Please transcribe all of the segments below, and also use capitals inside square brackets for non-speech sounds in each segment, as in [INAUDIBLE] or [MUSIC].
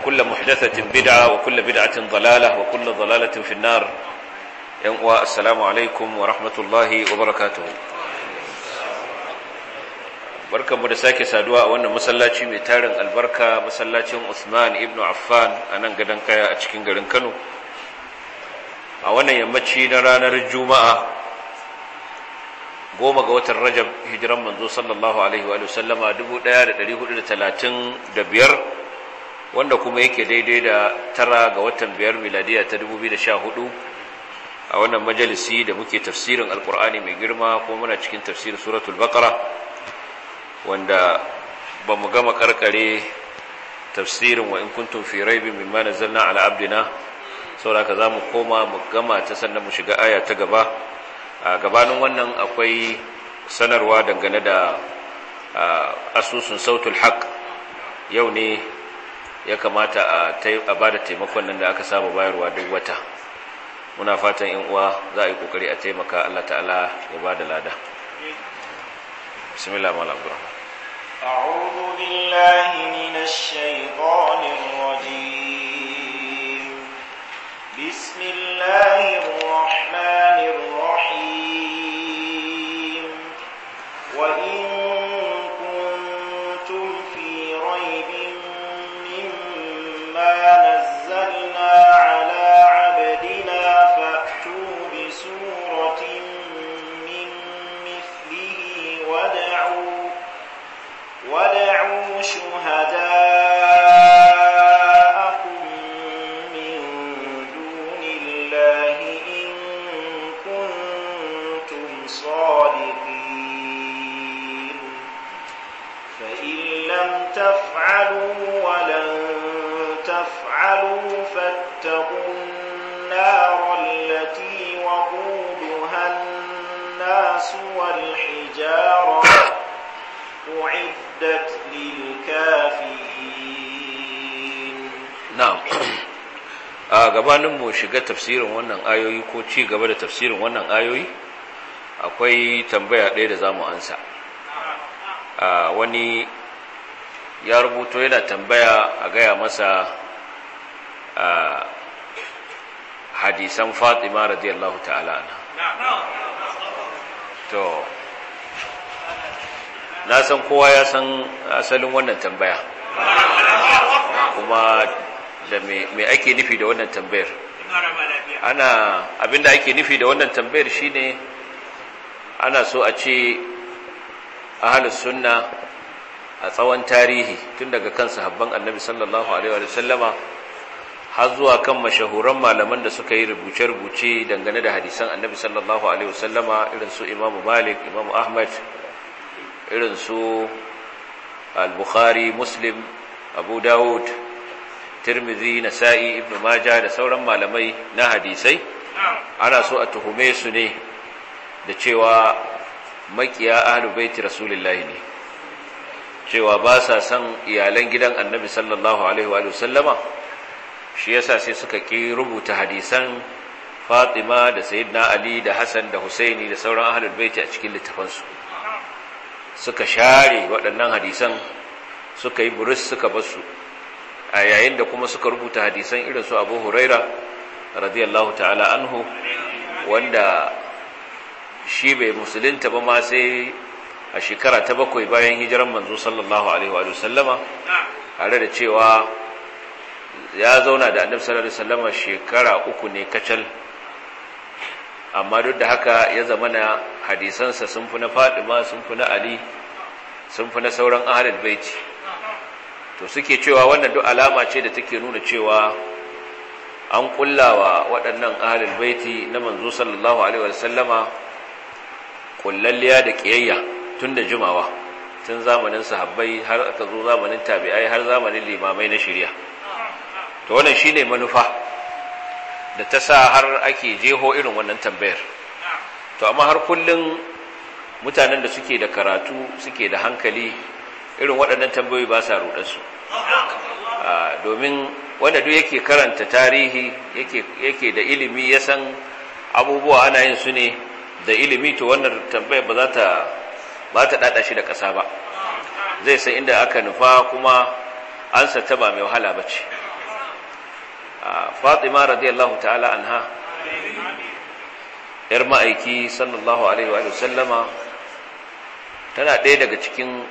وكل محدثة بدعة وكل بدعة ضلالة وكل ضلالة في النار السلام عليكم ورحمة الله وبركاته barkan mu da sake saduwa a wannan masallaci mai tarin albarka masallacin Usman ibn Affan a nan gadon kaya a cikin garin Kano a wannan yammaci na ranar Juma'a goma ga watan Rajab hijiran manzo sallallahu alaihi wa sallama 1435 wanda kuma yake daidai da tara ga watan biyar miladiya ta dubu da sha hudu, a wannan majalisi da muke tafsirin alkur'ani mai girma kuma muna cikin tafsirin suratul baqara wanda ba mu gama karkare tafsirin wa in kuntum fi raibin mimma nazzalna ala abdina saboda za zamu koma mu gama ta sannan mu shiga aya ta gaba a gabanin wannan akwai sanarwa dangane da asusun sautul haq yau ne ya kamata a ba da taimakon nan da aka saba bayarwa duk wata muna fatan yan uwa za a yi kokari a taimaka Allah ta'ala ya ba da lada bismillah mala abdul a'udhu billahi minash shaitanir rajim bismillah gabanin mu shiga tafsirin wannan ayoyi ko ci gaba da tafsirin wannan ayoyi akwai tambaya ɗaya da zamu ansa a wani ya rubuto yana tambaya a gaya masa a hadisan fatima radiyallahu ta'ala to na san kowa ya san asalin wannan tambaya kuma da me ake nufi da wannan tambayar ana abinda ake nufi da wannan tambayar shine ana so a ce ahalus sunna a tsawon tarihi tun daga kan habban annabi sallallahu alaihi wa har zuwa kan mashahuran malaman da suka yi rubuce-rubuce dangane da hadisan annabi sallallahu alaihi wa sallama irin su imamu malik imamu ahmad irin su al-bukhari muslim abu dawud tirmidhi nasa'i ibnu majah da sauran malamai na hadisai ana so a tuhume su ne da cewa makiya ahlul baiti rasulullahi ne cewa ba sa son iyalan gidan annabi sallallahu alaihi wa sallama shi yasa sai suka ki rubuta hadisan Fatima da Sayyidina Ali da Hassan da Husaini da sauran ahlul baiti a cikin littafansu suka share waɗannan hadisan suka yi buris suka basu a yayin da kuma suka rubuta hadisan irin su abu huraira radiyallahu ta'ala anhu wanda shi bai musulunta ba ma sai a shekara ta bakwai bayan hijiran manzo sallallahu alaihi wa sallama tare da cewa ya zauna da annabi sallallahu alaihi sallama shekara uku ne kacal amma duk da haka ya zama na hadisansa sun fi na fadima sun fi na ali sun fi na sauran ahlul baiti to suke cewa wannan duk alama ce da take nuna cewa an kullawa waɗannan ahlul baiti na manzo sallallahu alaihi wasallama kullalliya da kiyayya tun da jimawa tun zamanin sahabbai har aka zo zamanin tabi'ai har zamanin limamai na shirya. to wannan shine manufa da ta sa har ake jeho irin wannan tambayar to amma har kullun mutanen da suke da karatu suke da hankali irin waɗannan tambayoyi ba sa rudarsu ah, domin wanda duk yake karanta tarihi yake da ilimi ya san abubuwa ana yin su ne da ilimi to wannan tambayar ba za ta ba ta dada shi da ƙasa ba zai san inda aka nufa kuma ansa ta ba mai wahala ba ce ah, fatima radiyallahu ta'ala anha yar ma'aiki sallallahu alaihi wa sallama tana ɗaya daga cikin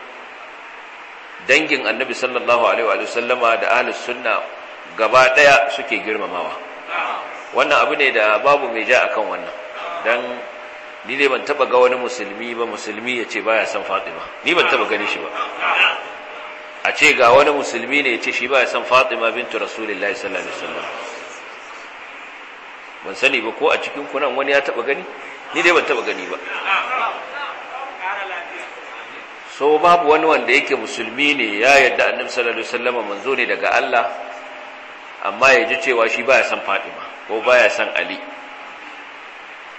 dangin annabi sallallahu alaihi wa sallama da ahlus sunna gaba daya suke girmamawa wannan abu ne da babu mai ja akan wannan dan ni ne ban taba ga wani musulmi ba musulmi ya ce baya san fatima ni ban taba gani shi ba a ce ga wani musulmi ne ya ce shi baya san fatima bintu rasulullahi sallallahu alaihi wasallam ban sani ba ko a cikin kunan wani ya taba gani ni dai ban taba gani ba so babu wani wanda yake musulmi ne ya yadda annabi sallallahu alaihi wasallam manzo ne daga Allah amma ya ji cewa shi baya san Fatima ko baya san Ali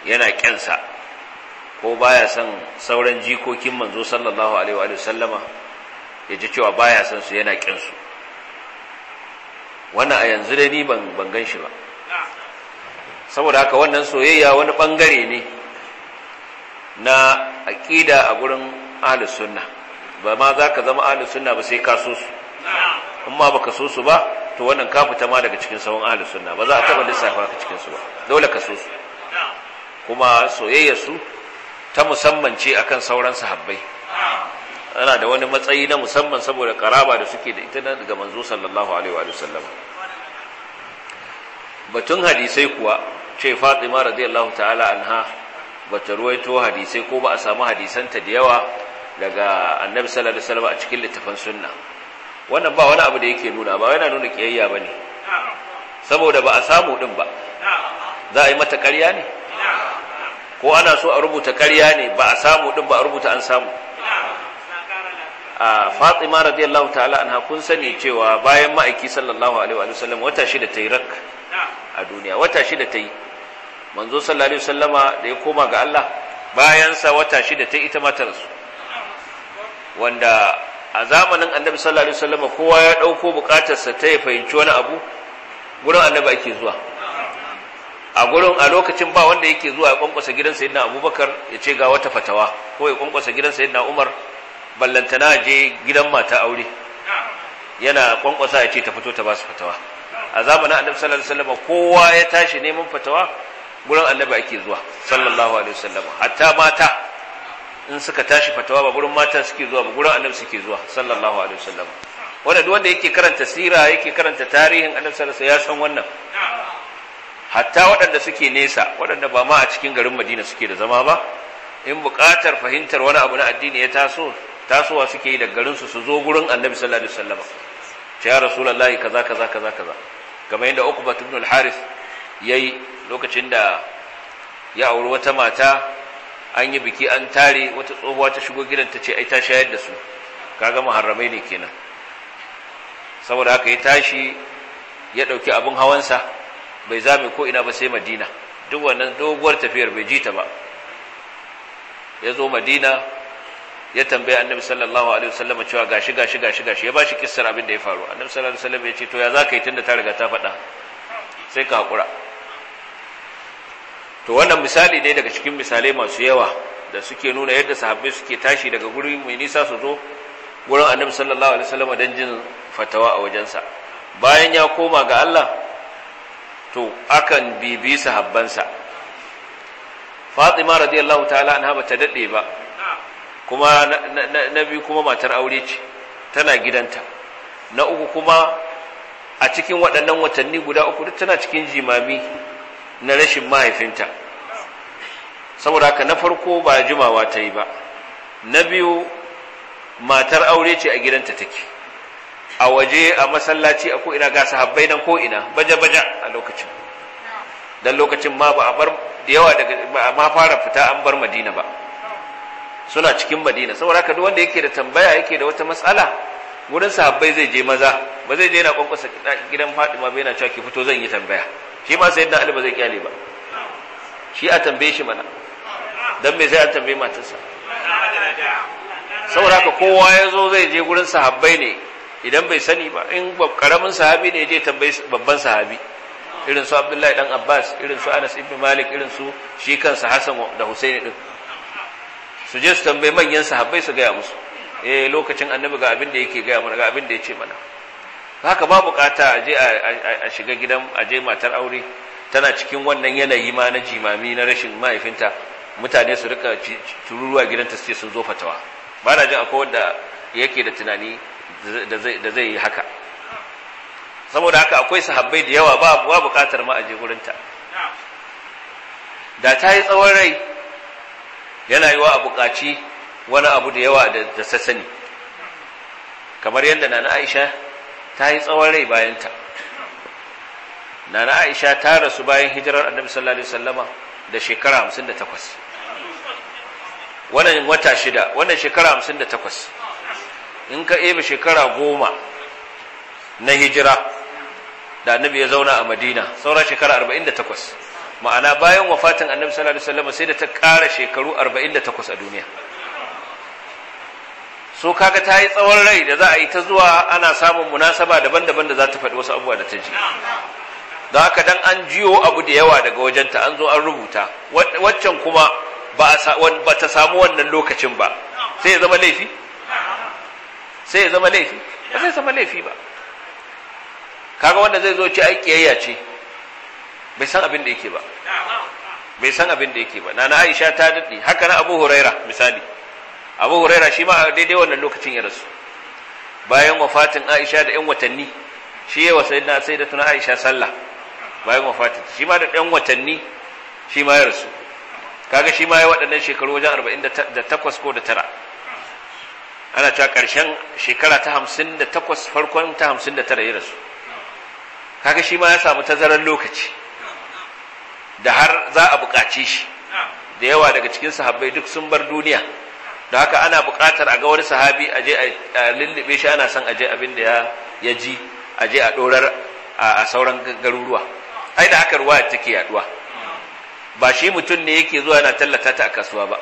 yana kyansa ko baya san sauran jikokin manzo sallallahu alaihi wasallama ya ji cewa baya san su yana kyansu wannan a yanzu da ni ban ban gan shi ba saboda haka wannan soyayya wani bangare ne na aqida a gurin ahli sunna ba ma za ka zama ahli sunna ba sai ka so su in ma baka so su ba to wannan ka fita ma daga cikin sawun ahli sunna ba za a taba lissafa ka cikin su ba dole ka so su kuma soyayya su ta musamman ce akan sauran sahabbai ana da wani matsayi na musamman saboda karaba da suke da ita daga manzo sallallahu alaihi wa sallam batun hadisai kuwa ce Fatima radiyallahu ta'ala anha bata ruwaito hadisai ko ba a samu hadisanta da yawa daga annabi sallallahu alaihi wasallam a cikin littafin sunna wannan ba wani abu da yake nuna ba yana nuna kiyayya bane saboda ba a samu din ba za a yi mata ƙarya ne ko ana so a rubuta ƙarya ne ba a samu din ba a rubuta an samu a fatima radiyallahu ta'ala anha kun sani cewa bayan ma'aiki sallallahu alaihi wa sallam wata shida ta yi rak a duniya wata shida ta yi manzo sallallahu alaihi sallama da ya koma ga Allah bayan sa wata shida ta ita matarsa wanda a zamanin annabi sallallahu alaihi wasallam kowa ya dauko bukatarsa ta fahimci wani abu gurin annabi ake zuwa a gurin a lokacin ba wanda yake zuwa ya kwankwasa gidan sayyidina abubakar ya ce ga wata fatawa ko ya kwankwasa gidan sayyidina umar ballantana je gidan mata aure yana kwankwasa ya ce ta fito ta ba su fatawa a zamanin annabi sallallahu alaihi wasallam kowa ya tashi neman fatawa gurin annabi ake zuwa sallallahu alaihi wasallam hatta mata in suka tashi fatawa ba gurin mata suke zuwa ba gurin annabi suke zuwa sallallahu alaihi wasallam wanda duk wanda yake karanta sira yake karanta tarihin annabi sallallahu alaihi wasallam ya san wannan hatta waɗanda suke nesa waɗanda ba ma a cikin garin madina suke da zama ba in buƙatar fahimtar wani abu na addini ya taso tasowa suke yi da garinsu su zo gurin annabi sallallahu alaihi wasallam ta ya rasulullahi kaza kaza kaza kaza kamar yadda uqba ibn al haris yayi lokacin da ya auri wata mata an yi biki an tare wata tsohuwa ta shigo gidan ta ce ai ta shayar da su kaga muharramai ne kenan saboda haka ya tashi ya ɗauki abin hawansa bai zame ko ina ba sai madina duk wannan doguwar tafiyar bai ji ta ba ya zo madina ya tambaye annabi sallallahu alaihi wasallam cewa gashi gashi gashi gashi ya bashi kissar abin da ya faru annabi sallallahu alaihi wasallam ya ce to ya zaka yi tunda ta riga ta faɗa sai ka hakura to wannan misali dai daga cikin misalai masu yawa da suke nuna yadda sahabbai suke tashi daga guri mai nisa su zo gurin annabi sallallahu alaihi wasallam dan jin fatawa a wajensa bayan ya koma ga Allah to akan bibi sahabbansa Fatima radiyallahu ta'ala anha bata dade ba kuma nabi kuma matar aure ce tana gidanta na uku kuma a cikin waɗannan watanni guda uku duk tana cikin jimami na rashin mahaifinta saboda haka na farko ba jimawa ta yi ba na biyu matar aure ce a gidanta take a waje a masallaci a ko'ina ga sahabbai nan ko'ina baja-baja a lokacin don lokacin ma ba a bar da yawa daga ma fara fita an bar madina ba suna cikin madina saboda haka duk wanda yake da tambaya yake da wata matsala wurin sahabbai zai je maza ba zai je yana kwankwasa gidan ma bai yana cewa ki fito zan yi tambaya shi ma yadda ali ba zai kyale ba shi a tambaye shi mana dan me sai a tambaye matarsa saboda haka kowa ya zo zai je gurin sahabbai ne idan bai sani ba in karamin sahabi ne je tambayi babban sahabi irin su abdullahi dan abbas irin su anas ibn malik irin su shi kansa hasan da husaini din su je su tambayi manyan sahabbai su gaya musu eh lokacin annabi ga abin da yake gaya mana ga abin da ya ce mana haka ba bukata a je a shiga gidan a je matar aure tana cikin wannan yanayi ma na jimami na rashin mahaifinta mutane su rika tururuwa gidanta suke sun zo fatawa ba na jin akwai wanda yake da tunani da zai yi haka saboda haka akwai sahabbai da yawa ba bukatar ma a je gurinta da ta yi tsawon rai yana yi wa a bukaci wani abu da yawa da sassani kamar yadda na na aisha ta yi tsawon rai bayanta nana aisha ta rasu bayan hijirar annabi sallallahu alaihi wasallama da shekara hamsin da takwas. wannan wata shida wannan shekara hamsin da takwas, in ka ebe shekara goma na hijira da annabi ya zauna a madina sauran shekara arba'in da takwas, ma'ana bayan wafatin annabi sallallahu alaihi wasallama sai da ta ƙara shekaru arba'in da takwas a duniya so kaga ta yi tsawon rai da za a yi ta zuwa ana samun munasaba daban-daban da za ta faɗi wasu abubuwa da ta ji don haka dan an jiyo abu da yawa daga wajenta an zo an rubuta waccan kuma ba ta samu wannan lokacin ba sai ya zama laifi sai ya zama laifi ba sai zama laifi ba kaga wanda zai zo ci ai kiyayya ce bai san abin da yake ba bai san abin da yake ba nana Aisha ta dade haka na Abu Huraira misali abu huraira shi ma daidai wannan lokacin ya rasu bayan wafatin aisha da yan watanni shi yawa da tuna aisha sallah bayan wafatin shi ma da yan watanni shi ma ya rasu kaga shi ma ya waɗannan shekaru wajen arba'in da takwas ko da tara ana ta ƙarshen shekara ta hamsin da takwas, farkon ta hamsin da tara ya rasu kaga shi ma ya samu tazarar lokaci da har za a buƙace shi da yawa daga cikin sahabbai duk sun bar duniya da haka ana buƙatar a ga wani sahabi a je a lullube shi ana son a je abin da ya ji a je a ɗorar a sauran garuruwa ai da haka ruwa take yaduwa ba shi mutum ne yake zuwa yana tallata ta a kasuwa ba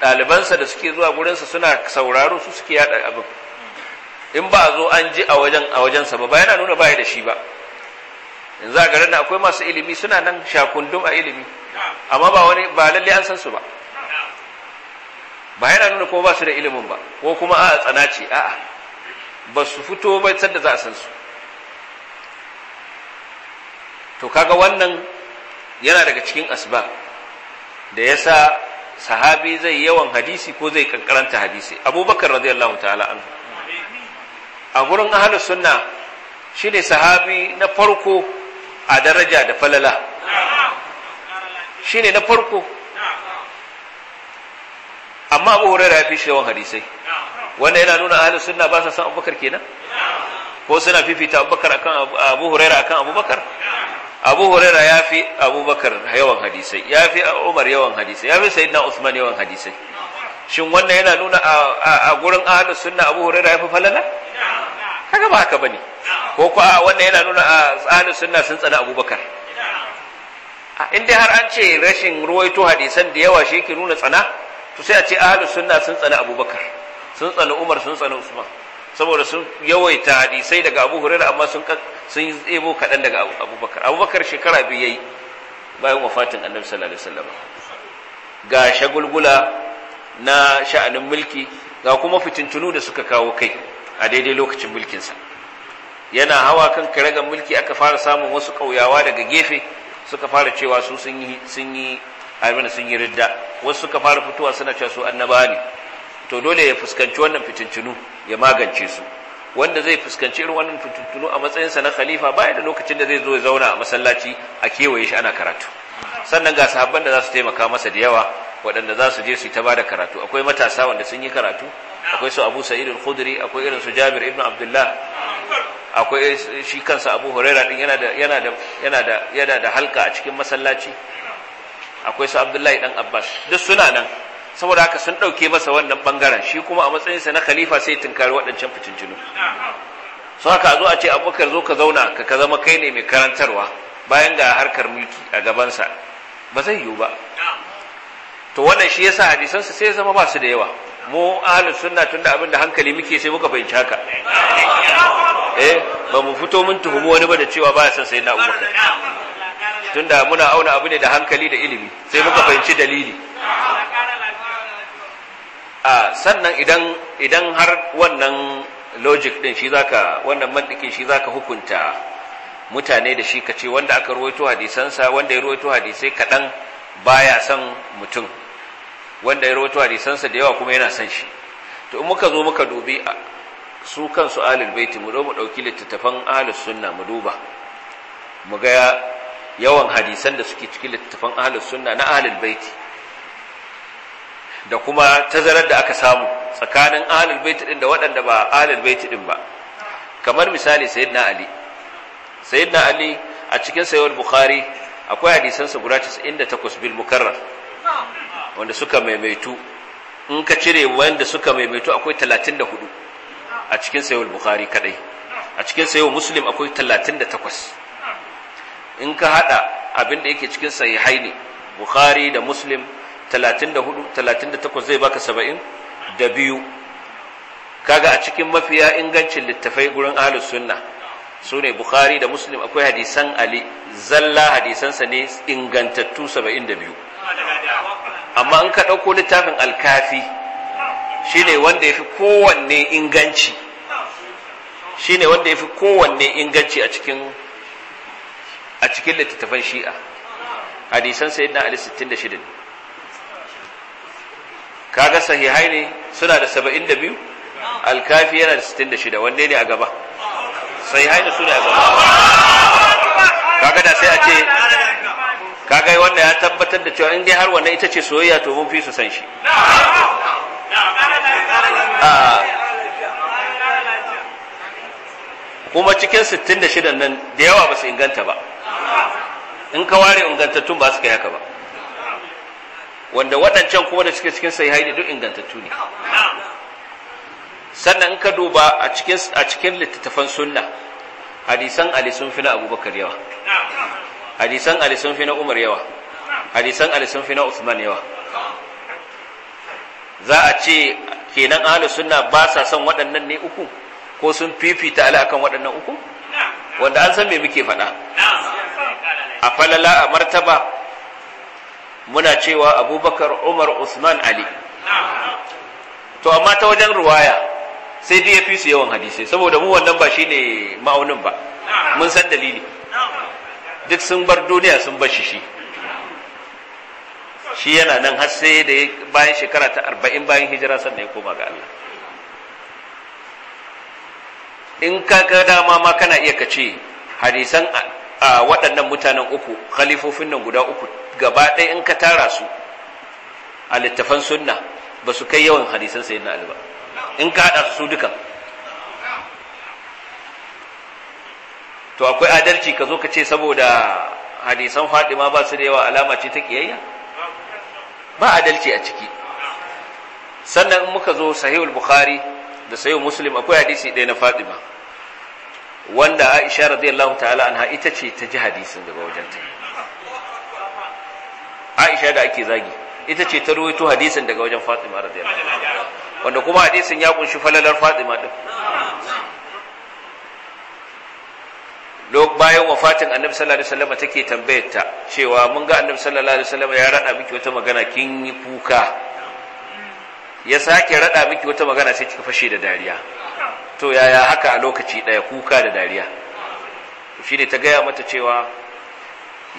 ɗalibansa da suke zuwa gurinsa suna sauraro su suke yaɗa abin in ba a zo an ji a wajen a wajensa ba yana nuna baya da shi ba yanzu a garin akwai masu ilimi suna nan shakundum a ilimi amma ba wani ba lalle an san su ba ba yana nuna ko ba su da ilimin ba ko kuma a tsana ce a'a ba su fito ba sadda za a san su to kaga wannan yana daga cikin asbab da yasa sahabi zai yawan hadisi ko zai kankaranta hadisi abubakar radiyallahu ta'ala anhu a gurin ahlus sunna shine sahabi na farko a daraja da falala shine na farko amma abu huraira ya fi shi yawan hadisai wanda yana nuna ahalus sunna ba sa san abubakar kenan ko suna fifita abubakar akan abu huraira akan abubakar abu huraira ya fi abubakar yawan hadisai ya fi umar yawan hadisai ya fi sayyidina usman yawan hadisai shin wannan yana nuna a gurin ahalus sunna abu huraira ya fi falala kaga ba haka bane ko ko wannan yana nuna a ahalus sunna sun tsana abubakar in dai har an ce rashin ruwaito hadisan da yawa shi ke nuna tsana to sai a ce ahlus sunna sun tsani abubakar sun tsani umar sun tsani usman saboda sun yawaita hadisai daga abu hurairah amma sun sun ebo kaɗan daga abubakar abubakar shekara biyu yayi bayan wafatin annabi sallallahu alaihi wasallam ga shagulgula na sha'anin mulki ga kuma fitintunu da suka kawo kai a daidai lokacin mulkinsa yana hawa kan karagan mulki aka fara samun wasu ƙauyawa daga gefe suka fara cewa su sun yi abin sun yi ridda wasu suka fara fitowa suna cewa su annaba ne to dole ya fuskanci wannan fitintunu ya magance su wanda zai fuskanci irin wannan fitintunu a matsayin sa na khalifa baya da lokacin da zai zo ya zauna a masallaci a kewaye shi ana karatu sannan ga sahabban da za su taimaka masa da yawa waɗanda za su je su ta bada karatu akwai matasa wanda sun yi karatu akwai su Abu Sa'id al-Khudri akwai irin su Jabir ibn Abdullah akwai shi kansa Abu Huraira din yana da yana da yana da yana da halka a cikin masallaci akwai su abdullahi dan abbas duk suna nan saboda haka sun ɗauke masa wannan bangaren shi kuma a matsayinsa na khalifa sai tunkari waɗancan fitintunu sun haka zo a ce abubakar zo ka zauna ka ka zama kai ne mai karantarwa bayan ga harkar mulki a gabansa ba zai yiwu ba to wannan shi yasa hadisansa sai zama ba su da yawa mu ahlus sunna tunda abin da hankali muke sai muka fahimci haka eh ba mu fito mun tuhumi wani ba da cewa ba baya son na abubakar tunda muna auna abu ne da hankali da ilimi sai muka fahimci dalili a sannan idan idan har wannan logic din shi zaka wannan mantikin shi zaka hukunta mutane da shi kace wanda aka ruwaito hadisansa wanda ya ruwaito hadisai kadan baya san mutum wanda ya rawaito hadisansa da yawa kuma yana san shi to in muka zo muka dubi su kan su ahlul baiti mu zo mu dauki littattafan ahlus sunna mu duba mu ga yawan hadisan da suke cikin littattafan ahlus sunna na ahlul baiti da kuma tazarar da aka samu tsakanin ahlul baiti din da waɗanda ba ahlul baiti din ba kamar misali sayyidina ali sayyidina ali a cikin sayyid bukhari akwai hadisansa guda 98 bil mukarrar wanda suka maimaitu in ka cire wanda suka maimaitu akwai 34 a cikin sayyid bukhari kadai a cikin sayyid muslim akwai 38 in ka hada abin da yake cikin sahihai ne bukhari da muslim 34 38 zai baka 70 da biyu kaga a cikin mafiya ingancin littafai gurin ahlus sunna sune bukhari da muslim akwai hadisan ali zalla hadisansa ne ingantattu 72 amma in ka ɗauko littafin alkafi shine wanda ya fi kowanne inganci shine wanda ya fi kowanne inganci a cikin a cikin littattafan shi'a hadisan na ali 66 ne kaga sahihai ne suna da 72 alkafi yana da 66 wanne ne a gaba sahihai ne suna a gaba kaga da sai a ce kaga wanda ya tabbatar da cewa in dai har wannan ita ce soyayya to mun fi su san shi kuma cikin 66 nan da yawa ba su inganta ba in ka ware ingantattun ba su kai haka ba wanda waɗancan kuma da suke cikin sai ne duk ingantattu ne sannan in ka duba a cikin littattafan sunna hadisan ali sun fi na abubakar yawa hadisan ali sun fi na umar yawa hadisan ali sun fi na usman yawa za a ce kenan ahlus sunna ba sa son waɗannan ne uku ko sun fifita ala akan waɗannan uku wanda an san me muke faɗa a falala a martaba muna cewa abubakar umar usman ali to amma ta wajen ruwaya sai dai ya fi su yawan hadisai saboda mu wannan ba shi ne ma'aunin ba mun san dalili duk sun bar duniya sun bar shi shi shi yana nan har sai da bayan shekara ta arba'in bayan hijira sannan ya koma ga Allah in ka ga dama ma kana iya kace hadisan A waɗannan mutanen uku khalifofin nan guda uku gaba ɗaya in ka tara su a littafan sunna ba su kai yawan hadisan sayyidina na ba in ka haɗa su dukan to akwai adalci ka zo ka ce saboda hadisan ma ba su da yawa alama ce ta kiyayya ba adalci a ciki sannan muka zo sahihul bukhari da sahihul muslim akwai hadisi ɗaya na ba. wanda Aisha radiyallahu ta'ala anha ita ce ta ji hadisin daga wajenta Aisha da ake zagi ita ce ta ruwaito hadisin daga wajen Fatima radiyallahu wanda kuma hadisin ya kunshi falalar Fatima din lok bayan wafatin annabi sallallahu alaihi wasallam take tambayar ta cewa mun ga annabi sallallahu alaihi wasallam ya rada miki wata magana kin yi kuka ya sake rada miki wata magana sai kika fashe da dariya to yaya haka a lokaci ɗaya kuka da dariya shi ne ta gaya mata cewa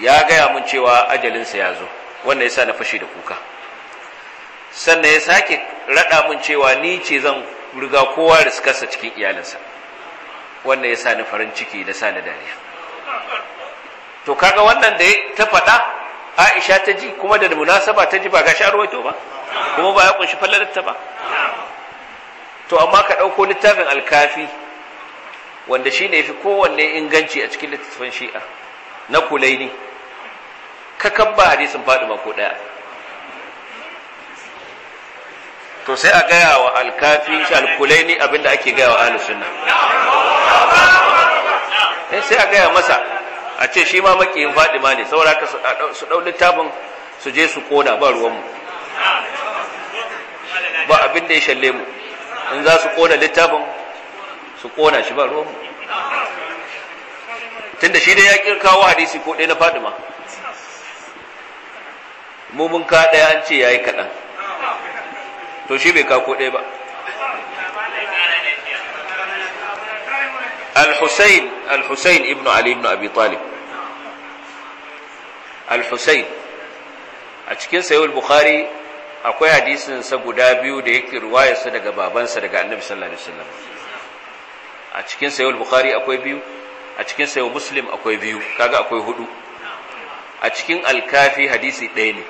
ya gaya mun cewa ajalinsa ya zo wannan ya sa na fashe da kuka sannan ya sake raɗa mun cewa ni ce zan riga kowa riskarsa cikin iyalinsa wannan ya sa ni farin ciki da sa ni dariya to kaga wannan da ta faɗa aisha ta ji kuma da munasaba ta ji ba gashi an ruwaito ba kuma ba ya kunshi fallalarta ba to amma ka ɗauko littafin alkafi wanda shi ne fi kowanne inganci a cikin littattafan shi'a na kulaini ka kamba hadisin faɗi mako ɗaya to sai a gaya wa alkafi shi alkulaini abinda ake gaya wa alusunna eh, sai a gaya masa a ce shi ma makiyin ma ne saura ka su ɗau littafin su je su kona ba ruwanmu ba abin da ya shalle mu in za su kona littafin su kona shi ba ruwan tun da shi dai ya kirkawo hadisi ko ɗaya na fadima mumun ka ɗaya an ce ya yi kaɗan to shi bai kako ɗaya ba al-husayn al-husayn ibn ali ibn abi talib al-husayn a cikin sayo al-bukhari akwai hadisinsa guda biyu da yake ruwayarsa daga babansa daga annabi sallallahu alaihi wasallam a cikin sayo bukhari akwai biyu a cikin sayo muslim akwai biyu kaga akwai hudu a cikin alkafi hadisi ɗaya ne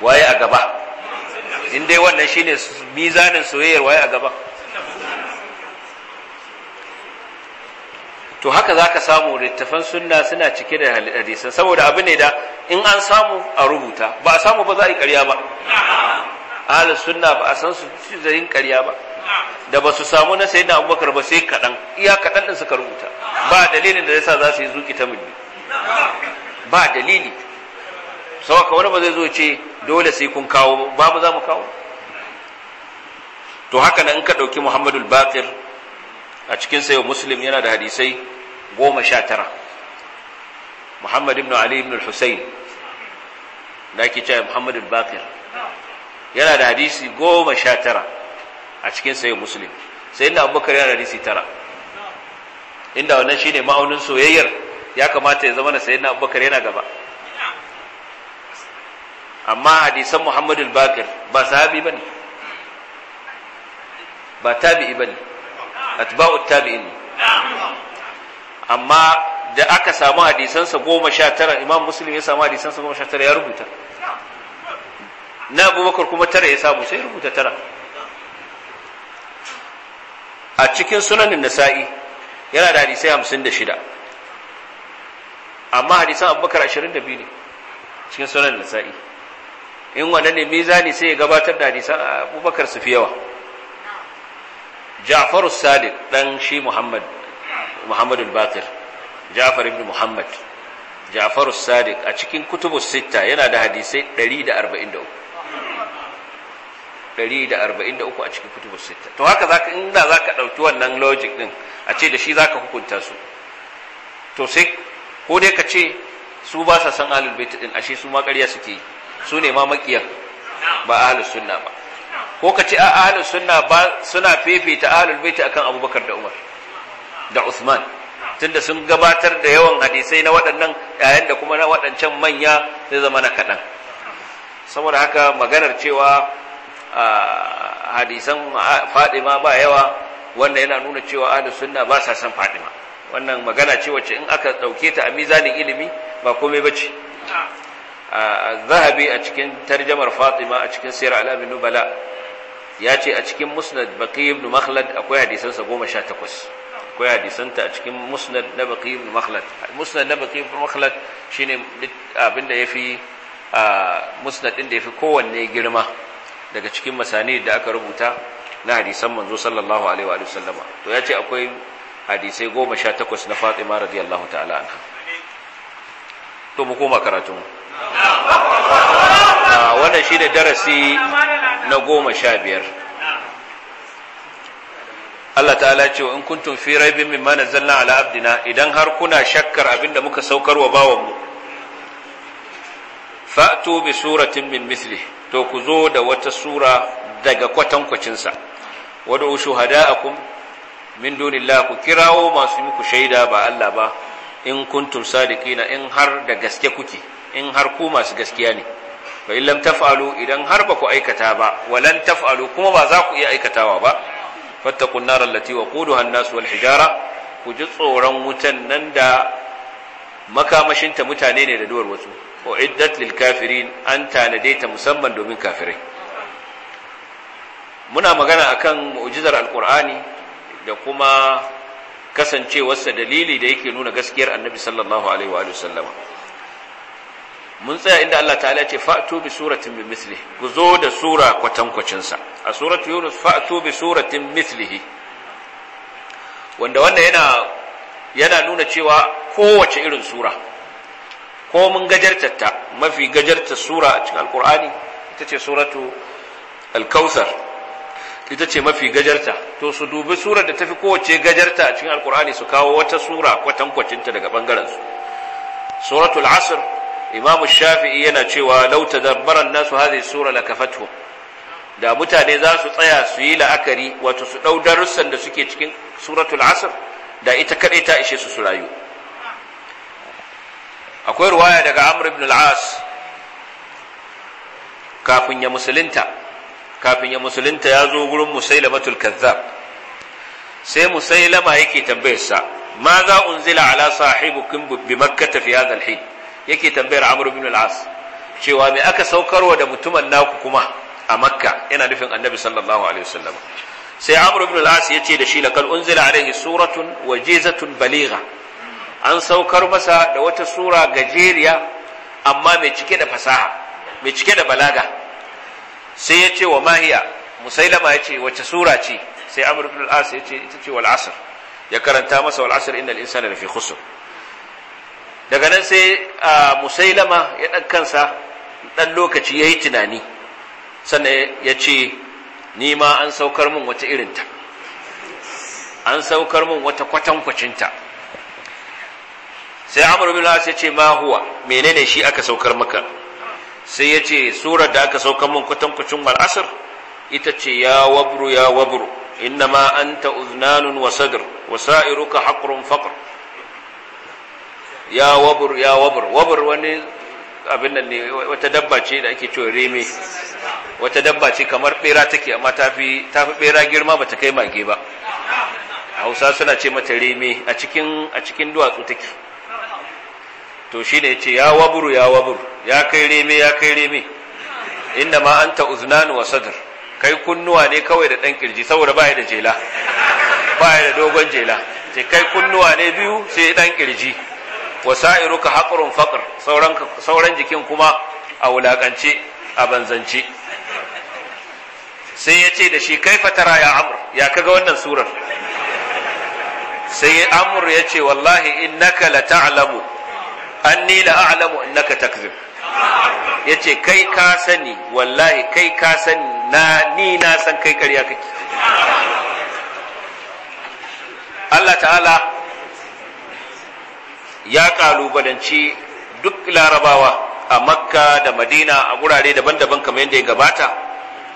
waye a gaba in dai wannan shine mizanin soyayyar waye a gaba to haka za ka samu littafan sunna suna cike da hadisan saboda abu ne da in an samu a rubuta ba a samu ba za a yi ƙarya ba ahal sunna ba a san su da yin ƙarya ba da ba su samu na sayi abubakar ba sai kaɗan iya kaɗan ɗin suka rubuta ba dalilin da yasa za su yi zuƙi ta mulki ba dalili ka wani ba zai zo ce dole sai kun kawo ba mu za mu kawo to haka nan in ka ɗauki muhammadul baqir a cikin sayo muslim yana da hadisai goma sha tara muhammad ibn ali ibn hussein da ake cewa muhammad bakir yana da hadisi goma sha tara a cikin sayi musulun. sai inda abubakar yana da hadisi tara inda wannan shine ma'aunin soyayyar ya kamata ya zama na sayi abubakar yana gaba amma hadisan muhammad bakir ba sahabi ba ne ba tabi'i ba ne atba'ut tabi'i ne amma da aka samu hadisansa goma sha tara imam muslim ya samu hadisansa goma sha tara ya rubuta na abubakar kuma tara ya samu sai rubuta tara a cikin sunanin nasa'i yana da hadisai hamsin da shida amma hadisan abubakar ashirin da biyu ne cikin sunanin nasa'i in wannan ne mizani sai ya gabatar da hadisan abubakar su fi yawa ja'faru salih dan shi muhammad Muhammadu bakir Ja'far ibn Muhammad Ja'far sadiq a cikin kutubus sita yana da hadisai 143 143 a cikin kutubus sita to haka zaka inda zaka dauki wannan logic din a ce da shi zaka hukunta su to sai ko dai ka ce su ba sa san ahlul bait din ashe su ma ƙarya suke yi su ne ma makiyar ba ahlus sunna ba ko ka ce a ahlus sunna ba suna fefeta ahlul bait akan Abubakar da Umar da Usman tunda sun gabatar da yawan hadisai na waɗannan yayin da kuma na waɗancan manya zai zama na kaɗan saboda haka maganar cewa hadisan fadima ba yawa wannan yana nuna cewa ahlus sunna ba sa san fadima wannan magana ce wacce in aka ɗauke ta a mizanin ilimi ba komai bace zahabi a cikin tarjamar fatima a cikin sirr alamin nubala ya ce a cikin musnad baqi ibn makhlad akwai hadisansa goma sha takwas akwai hadisanta a cikin musnad na baki ibn makhlad musnad na baki ibn makhlad shine abinda yafi musnad din da yafi kowanne girma daga cikin masani da aka rubuta na hadisan manzo sallallahu alaihi wa sallama to yace akwai hadisai goma sha takwas na Fatima radiyallahu ta'ala anha to mu koma karatu. wannan shi da darasi na goma sha biyar Allah ta'ala ce in kuntum fi raibin mimma nazzalna ala abdina idan har kuna shakkar abinda muka saukar wa bawan mu fa'tu bi suratin min mithli to ku zo da wata sura daga kwatan sa wad'u shuhada'akum min dunillahi ku kirawo masu muku shaida ba Allah ba in kuntum sadiqina in har da gaske kuke in har ku masu gaskiya ne fa illam taf'alu idan har ba ku aikata ba walan taf'alu kuma ba za ku iya aikatawa ba fattaqun nar allati Kudu an wal hijara ku ji tsoron wutan nan da makamashinta mutane ne da duwar wasu o iddat lil kafiri an tanade ta musamman domin kafirai muna magana akan mu'jizar alqur'ani da kuma kasancewarsa dalili da yake nuna gaskiyar annabi sallallahu alaihi wa sallama mun tsaya inda Allah ta'ala ce fa'atu bi suratin bi mislihi ku zo da sura kwatankwacinsa. a suratu yunus fa'atu bi suratin mislihi wanda wanda yana yana nuna cewa kowace irin sura ko mun gajarta ta mafi gajarta sura a cikin alkur'ani ita ce suratu alkausar ita ce mafi gajarta to su dubi surar da tafi kowace gajarta a cikin alkur'ani su kawo wata sura kwatankwacinta daga bangaren su suratul asr Imamu shafi'i yana cewa lauta tadabbara nasu hadhihi sura lakafatuhum da mutane za su tsaya su yi la'akari wato su ɗau darussan da suke cikin suratul asr da ita kadai ta ishe su su rayu akwai ruwaya daga amr ibn al-as kafin ya musulunta kafin ya musulunta ya zo gurin musailamatul kazzab sai musailama yake tambayarsa ma za unzila ala sahibukum bi makkah fi hadha al-hin yake tambayar amr ibn al cewa me aka saukarwa da mutumin naku kuma a makka yana nufin annabi sallallahu alaihi wasallam sai amr ibn al ya ce da shi laqad unzila alaihi suratun wajizatun baliga an saukar masa da wata sura gajeriya amma mai cike da fasaha mai cike da balaga sai ce wa mahiya musailama ce wace sura ce sai amr ibn al ya ce ita ce wal asr ya karanta masa wal asr innal insana lafi khusr daga nan sai musailama ya ɗan kansa ɗan lokaci ya yi tunani sannan ya ce ni ma an saukar min wata irinta an saukar min wata kwacinta sai amur bin ya ce ma huwa menene shi aka saukar maka sai ya ce surar da aka saukar min kwacin wal'asar ita ce ya wabru ya wabru inna ma an wa sadr wa wasa'iruka haqrun faƙur. ya wabur ya wabur wabur wani abin nan ne wata dabba ce da ake cewa reme wata dabba ce kamar bera take amma ta fi bera girma ba ta kai mage ba hausa suna ce mata reme a cikin a cikin duwatsu take to shi ne ce ya waburu ya waburu ya kai reme ya kai reme inda ma anta uznanu wa sadr kai kunnuwa ne kawai da dan kirji saboda ba da jela ba da dogon jela sai kai kunnuwa ne biyu sai dan kirji wasa'iruka haƙurun faƙir sauran jikin kuma a wulaƙance a banzance sai ya ce da shi kai tara ya amur ya kaga wannan surar sai amur ya ce wallahi innaka la ta'lamu anni la a'lamu innaka takzib ya kai ka sani wallahi kai ka sani na ni na san kai ƙarya kake Allah ta'ala ya kalubalanci duk larabawa a makka da madina a gurare daban-daban kamar yadda ya gabata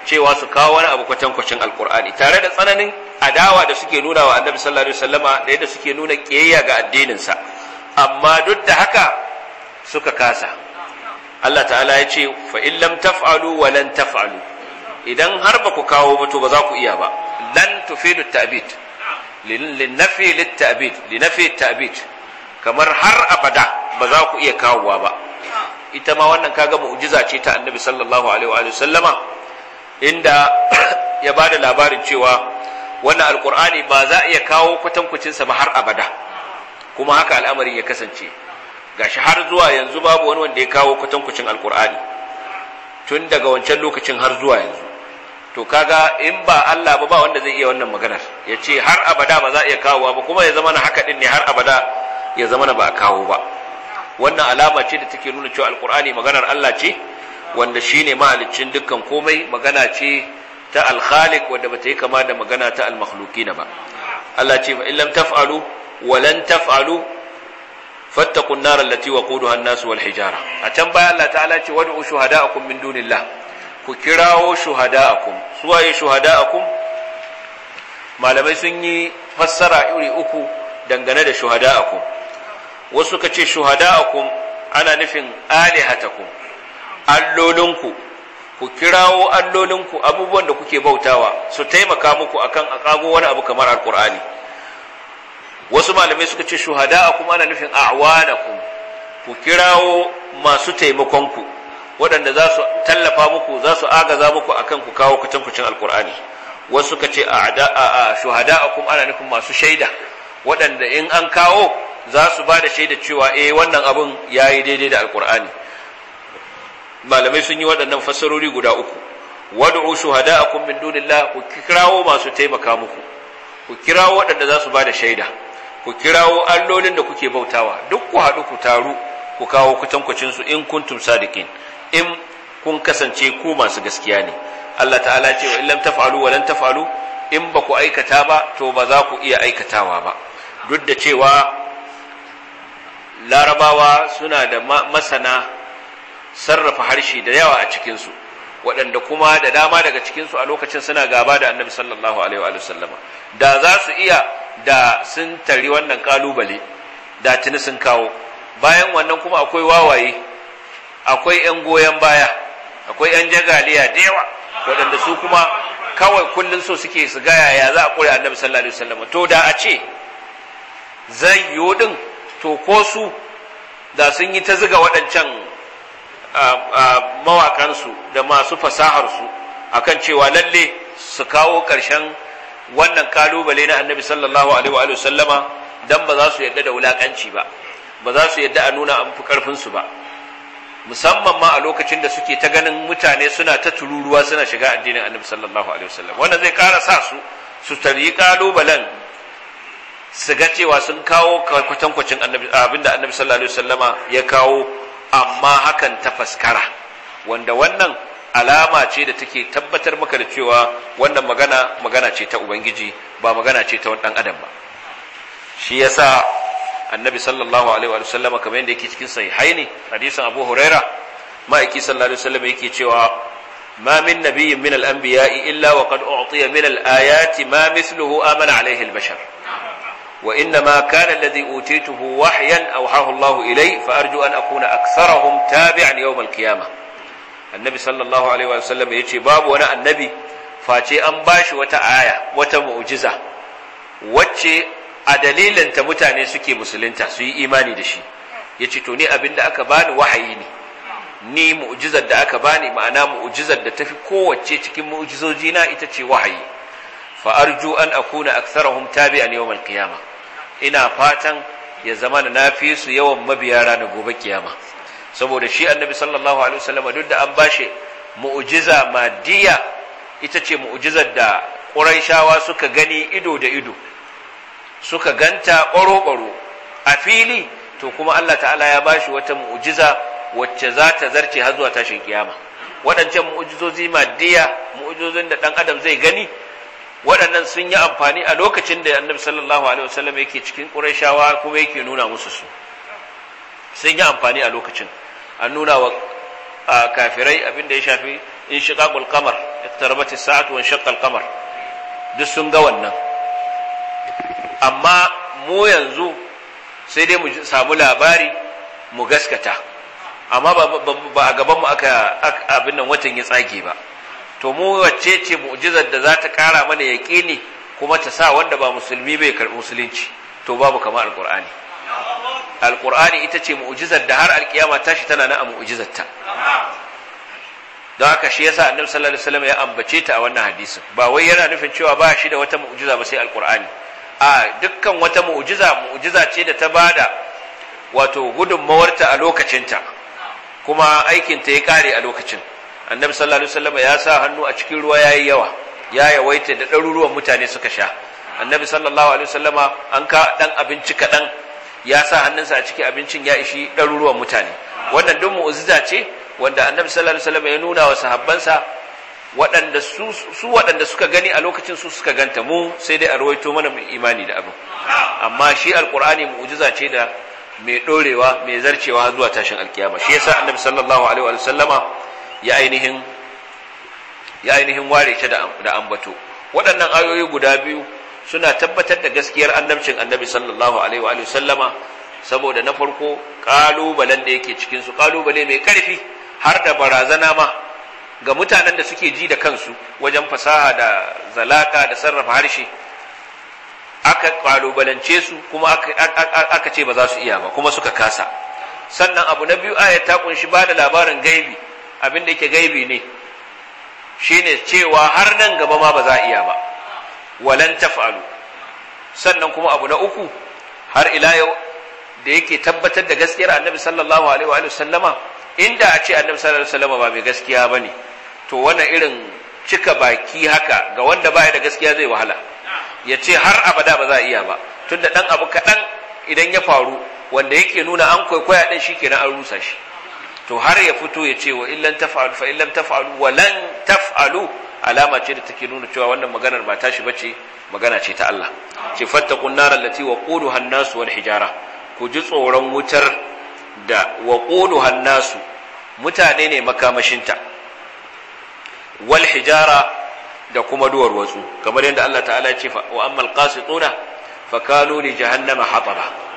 cewa su kawo wani abu kwatankwacin alkur'ani tare da tsananin adawa da suke nuna wa annabi sallallahu alaihi wasallama da yadda suke nuna kiyayya ga addininsa amma duk da haka suka kasa Allah ta'ala ya ce fa in lam taf'alu wa lan taf'alu idan har ba ku kawo ba to ba za ku iya ba lan tufidu ta'bid lin nafi lit ta'bid Lin nafi ta'bid kamar har abada ba za ku iya kawowa ba ita ma wannan kaga mu'jiza ce ta annabi sallallahu alaihi wa sallama inda [CLEARS THROAT] ya bada labarin cewa wannan alkur'ani ba za a iya kawo kwatankucinsa ba har abada kuma haka al'amarin ya kasance gashi har zuwa yanzu babu wani wanda ya kawo kwatankucin alkur'ani tun daga wancan lokacin har zuwa yanzu to kaga in ba Allah ba ba wanda zai iya wannan maganar ya ce har abada ba za a iya kawowa ba kuma ya zama na haka din ne har abada ya zama na ba a kawo ba wannan alama ce da take nuna cewa alkur'ani maganar Allah ce wanda shine mahaliccin dukkan komai magana ce ta alkhaliq wanda bata yi kama da magana ta almakhluqin ba Allah ce fa illam taf'alu wa lan taf'alu fattaqun nar allati waquduha an-nas wal hijara a can baya Allah ta'ala ce wad'u shuhada'akum min dunillah ku kirawo shuhada'akum suwaye shuhada'akum malamai sun yi fassara iri uku dangane da shuhada'akum wasu ka ce shuhada'akum ana nufin alihatakum allolinku ku kirawo allolinku abubuwan da kuke bautawa su taimaka muku akan akago wani abu kamar alkur'ani wasu malamai suka ce shuhada'akum ana nufin a'wanakum ku kirawo masu taimakon ku. waɗanda za su tallafa muku za su agaza muku akan ku kawo kucin-kucin alkur'ani wasu suka ce a'da'a shuhada'akum ana nufin masu shaida waɗanda in an kawo za su ba da shaida cewa eh wannan abin ya yi daidai da alkur'ani malamai sun yi waɗannan fassarori guda uku wad'u a min dunillah ku kirawo masu taimaka muku ku kirawo waɗanda za su ba da shaida ku kirawo allolin da kuke bautawa duk ku haɗu ku taru ku kawo kutankwacin su in kuntum sadikin in kun kasance ku masu gaskiya ne Allah ta'ala ce wa in lam taf'alu wa lan taf'alu in ba ku aikata ba to ba za ku iya aikatawa ba duk da cewa larabawa suna da masana sarrafa harshe da yawa a cikinsu waɗanda kuma da dama daga cikinsu a lokacin suna gaba da annabi sallallahu alaihi wa sallama da za su iya da sun tari wannan kalubale da tuni sun kawo bayan wannan kuma akwai wawaye akwai 'yan goyon baya akwai 'yan jagaliya da yawa waɗanda su kuma kawai kullum so suke su gaya ya za a ƙure annabi sallallahu alaihi wa sallama to da a ce zai yi din to ko su da sun yi ta ziga waɗancan mawakansu da masu fasaharsu a kan cewa lalle su kawo ƙarshen wannan kalubale na annabi sallallahu alaihi wa sallama don ba za su yadda da wulaƙanci ba ba za su yadda a nuna amfi ƙarfinsu ba musamman ma a lokacin da suke ta ganin mutane suna ta tururuwa suna shiga addinin annabi sallallahu alaihi wasallam wannan zai ƙara sa su su taryi kalubalen su ga cewa sun kawo kwatankwacin abinda annabi sallallahu alaihi wasallama ya kawo amma hakan ta faskara wanda wannan alama ce da take tabbatar maka da cewa wannan magana magana ce ta ubangiji ba magana ce ta wani dan adam ba shi yasa annabi sallallahu alaihi wasallama kamar yadda yake cikin sahihai ne hadisin abu huraira ma'aiki sallallahu alaihi wasallama yake cewa ما من نبي من الأنبياء إلا وقد أعطي من الآيات ما مثله آمن عليه البشر wa inna ma kana alladhi utituhu wahyan awhahu Allah ilai fa arju an akuna aktharahum tabi'an yawm al-qiyamah annabi sallallahu alaihi wa yace babu wani annabi face an bashi wata aya wata mu'jiza wacce a dalilinta mutane suke musulunta su yi imani da shi yace to ni abinda aka bani wahayi ne ni mu'jizar da aka bani ma'ana mu'jizar da tafi kowace cikin mu'jizoji na ita ce wahayi fa arju an akuna aktharahum tabi'an yawm al-qiyamah ina fatan ya zama da na fi su yawan mabiya rana gobe kiyama saboda shi annabi sallallahu alaihi wasallam duk da an bashi mu'jiza madiya ita ce mu'jizar da quraishawa suka gani ido da ido suka ganta ƙwaro-ƙwaro a fili to kuma Allah ta'ala ya bashi wata mu'jiza wacce za ta zarce har zuwa tashin kiyama waɗancan mu'jizozi madiya mu'jizozin da ɗan adam zai gani waɗannan sun yi amfani a lokacin da annabi sallallahu alaihi wasallam yake cikin ƙurayshawa kuma yake nuna musu su sun yi amfani a lokacin an nuna wa kafirai abinda ya shafi in shiga qamar iqtarabat as-sa'atu wa shaqqa duk sun ga wannan amma mu yanzu sai dai mu samu labari mu gaskata amma ba a gabanmu mu aka abin nan watan ya tsage ba to mu wacce ce mu'jizar da za ta kara mana yaƙini kuma ta sa wanda ba musulmi bai karɓi musulunci to babu kama alƙur'ani alƙur'ani ita ce mu'jizar da har alƙiyama tashi tana na a mu'jizar ta don haka shi yasa annabi sallallahu alaihi wasallam ya ambace ta a wannan hadisin ba wai yana nufin cewa ba shi da wata mu'jiza ba sai alƙur'ani a dukkan wata mu'jiza mu'jiza ce da ta bada wato gudunmawarta a lokacinta kuma aikinta ya kare a lokacin annabi sallallahu alaihi wasallam ya sa hannu a cikin ruwa yayi yawa ya yawaita da ɗaruruwan mutane suka sha annabi sallallahu alaihi wasallam an ka dan abinci kaɗan ya sa hannunsa a cikin abincin ya ishi ɗaruruwan mutane wannan duk mu'jiza ce wanda annabi sallallahu alaihi wasallam ya nuna wa sahabbansa waɗanda su su waɗanda suka gani a lokacin su suka ganta mu sai dai a rawaito mana mu imani da abin amma shi alqur'ani mu'jiza ce da mai dorewa mai zarcewa zuwa tashin alkiyama shi yasa annabi sallallahu alaihi wasallama ya ainihin ya ainihin ware ta da ambato waɗannan ayoyi guda biyu suna tabbatar da gaskiyar annabcin annabi sallallahu alaihi wa sallama saboda na farko ƙalubalen da yake cikin su ƙalubale mai ƙarfi har da barazana ma ga mutanen da suke ji da kansu wajen fasaha da zalaka da sarrafa harshe aka ƙalubalance su kuma aka ce ba za su iya ba kuma suka kasa sannan abu na biyu aya ta kunshi ba da labarin gaibi abin da yake gaibi ne shine cewa har nan gaba ma ba za a iya ba walan taf'alu sannan kuma abu na uku har ila yau da yake tabbatar da gaskiyar annabi sallallahu alaihi wa sallama inda a ce annabi sallallahu alaihi wa sallama ba mai gaskiya bane to wannan irin cika baki haka ga wanda baya da gaskiya zai wahala ya ce har abada ba za a iya ba tunda dan abu kaɗan idan ya faru wanda yake nuna an kwaikwaya din shi kenan an rusa shi to har ya fito ya ce wa illan taf'alu fa illam taf'alu wa lan taf'alu alama ce da take nuna cewa wannan maganar ba tashi bace magana ce ta Allah ce fattaqun nar allati waquduha an-nas wal hijara ku ji tsoron wutar da waquduha an-nas mutane ne makamashinta wal hijara da kuma duwar watsu kamar yadda Allah ta'ala ya ce wa ammal qasituna fa kanu li jahannama hataba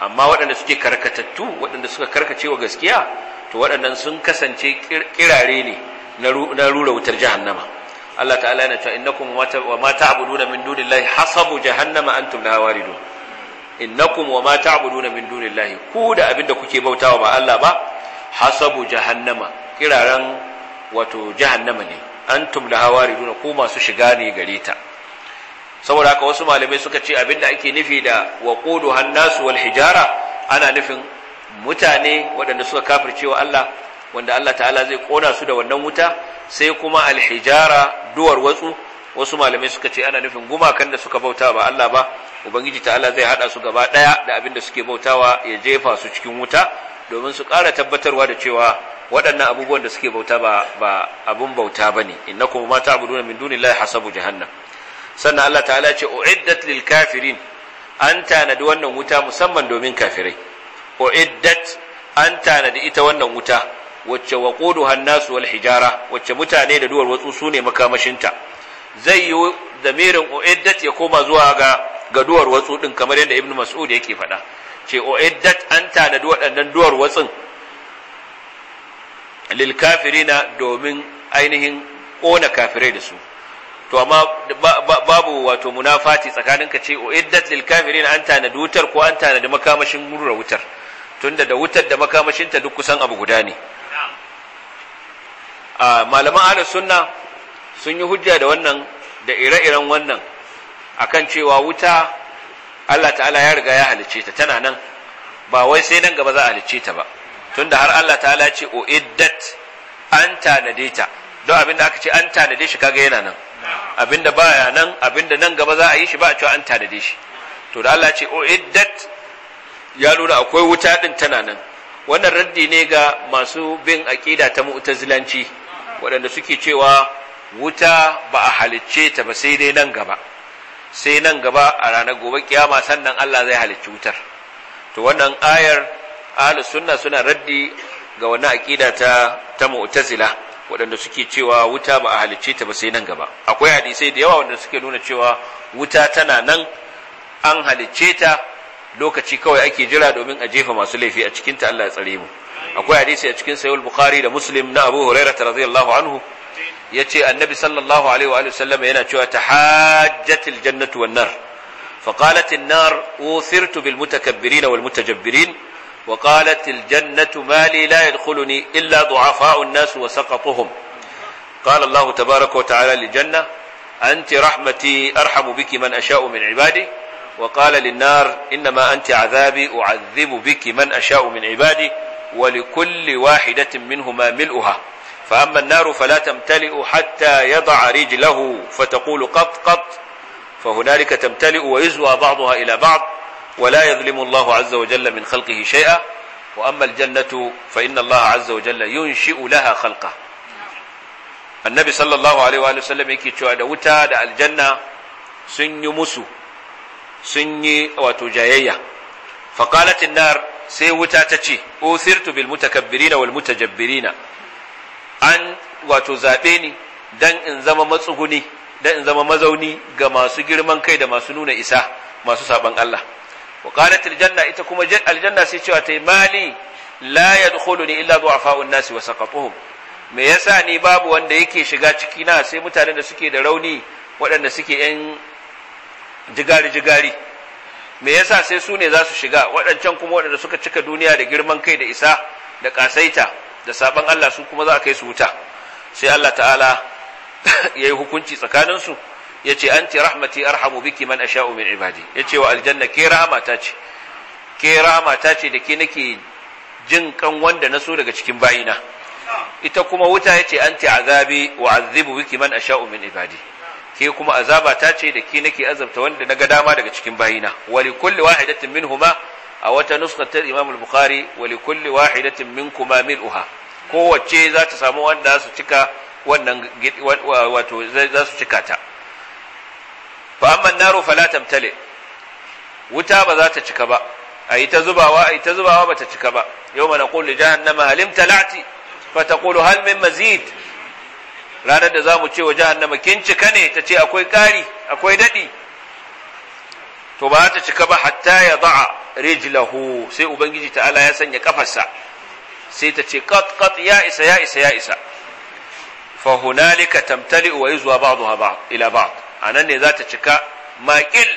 amma waɗanda suke karkatattu waɗanda suka karkace wa gaskiya to waɗannan sun kasance kirare ne na rura wutar jahannama Allah ta'ala yana cewa innakum wa ma ta'buduna min dunillahi hasabu jahannama antum laha waridun innakum wa ma ta'buduna min dunillahi ku da abinda kuke bautawa ba Allah ba hasabu jahannama kiraran wato jahannama ne antum laha waridun ku masu shiga ne gare ta saboda haka wasu malamai suka ce abin da ake nufi da waqudu hannasu wal hijara ana nufin mutane waɗanda suka kafircewa Allah wanda Allah ta'ala zai kona su da wannan wuta sai kuma al hijara duwar watsu wasu malamai suka ce ana nufin gumakan da suka bauta ba Allah ba ubangiji ta'ala zai hada su gaba daya da abinda suke bautawa ya jefa su cikin wuta domin su ƙara tabbatarwa da cewa waɗannan abubuwan da suke bauta ba abun bauta ba bane innakum ma ta'buduna min dunillahi hasabu jahannam sannan Allah ta'ala ce uiddat lil kafirin an tanadi wannan wuta musamman domin kafirai uiddat an tanadi ita wannan wuta wacce waqudu hannasu wal hijara wacce mutane da duwar watsu sune makamashinta zai yi zamirin uiddat ya koma zuwa ga ga duwar watsu din kamar yadda ibnu mas'ud yake faɗa ce uiddat an tanadi waɗannan duwar watsin lil kafirina domin ainihin ƙona kafirai da su to amma babu wato munafati tsakanin ka ce uiddat lil kafirin an tanadi wutar ko an tanadi makamashin murra wutar tunda da wutar da makamashin ta duk kusan abu guda ne a malaman ahlus sunna sun yi hujja da wannan da ire-iren wannan akan cewa wuta Allah ta'ala ya riga ya halice ta tana nan ba wai sai nan gaba za a halice ta ba tunda har Allah ta'ala ya ce uiddat an tanade ta don abin da aka ce an tanade shi kaga yana nan abinda ya nan abinda nan gaba za a yi shi ba a cewa an tanade shi to da Allah ce o iddat ya lura akwai wuta din tana nan wannan raddi ne ga masu bin aqida ta mu'tazilanci waɗanda suke cewa wuta ba a halicce ta ba sai dai nan gaba sai nan gaba a ranar gobe kiyama sannan Allah zai halicci wutar to wannan ayar ahlus sunna suna raddi ga wannan aqida ta ta mu'tazila waɗanda suke cewa wuta ba a halicce ta ba sai nan gaba akwai hadisai da yawa wanda suke nuna cewa wuta tana nan an halicce ta lokaci kawai ake jira domin a jefa masu laifi a cikinta Allah ya tsare mu akwai hadisi a cikin sahih bukhari da muslim na abu hurairah radiyallahu anhu yace annabi sallallahu alaihi wa alihi sallam yana cewa tahajjatil jannatu wan nar فقالت النار أوثرت بالمتكبرين والمتجبرين وقالت الجنة مالي لا يدخلني إلا ضعفاء الناس وسقطهم قال الله تبارك وتعالى للجنة أنت رحمتي أرحم بك من أشاء من عبادي وقال للنار إنما أنت عذابي أعذب بك من أشاء من عبادي ولكل واحدة منهما ملؤها فأما النار فلا تمتلئ حتى يضع رجله فتقول قط قط فهنالك تمتلئ ويزوى بعضها إلى بعض ولا يظلم الله عز وجل من خلقه شيئا وأما الجنة فإن الله عز وجل ينشئ لها خلقه النبي صلى الله عليه وآله وسلم yake cewa da wuta da aljanna sun yi musu sun yi wato jayayya faqalat an-nar sai wuta ta ce usirtu bil mutakabbirina wal mutajabbirina an wato zabe ni dan in zama matsuguni dan in zama mazauni ga masu girman kai da masu nuna isa masu saban Allah wa qalat aljanna ita kuma aljanna sai cewa tai mali la yadkhuluni illa du'afa'un nasi wa saqatuhum me yasa ni babu wanda yake shiga ciki na sai mutanen da suke da rauni waɗanda suke yan jigari jigari me yasa sai su ne za su shiga waɗancan kuma waɗanda suka cika duniya da girman kai da isa da ƙasaita da saban Allah su kuma za a kai su wuta sai Allah ta'ala [LAUGHS] yayi hukunci tsakaninsu su yace anti rahmati arhamu biki man asha'u min ibadi yace wa aljanna ke rahmata ce ke rahmata ce da ke nake jin kan wanda na so daga cikin bayina ita kuma wuta yace anti azabi wa azibu biki man asha'u min ibadi ke kuma azaba ta ce da ke nake azabta wanda na ga dama daga cikin bayina wali kulli wahidatin huma a wata nuskatar imam al-bukhari wali kulli wahidatin kuma mil'uha kowace za ta samu wanda su cika wannan wato za su cika ta wa amma naru fala tamtale wuta ba za ta cika ba ayi ta zubawa ayi ta zubawa ba ta cika ba yau mana kulle jahannama hal imtala'ti fa taqulu hal min mazid ranar da zamu ce wa jahannama kin cika ne ta ce akwai kari akwai daɗi. to ba ta cika ba hatta ya da'a rijlahu sai ubangiji Ala ya sanya kafarsa sai ta ce qat qat ya isa ya isa ya isa fa hunalika tamtali wa yuzwa ba'daha ba'd ila ba'd a nan ne za ta cika maƙil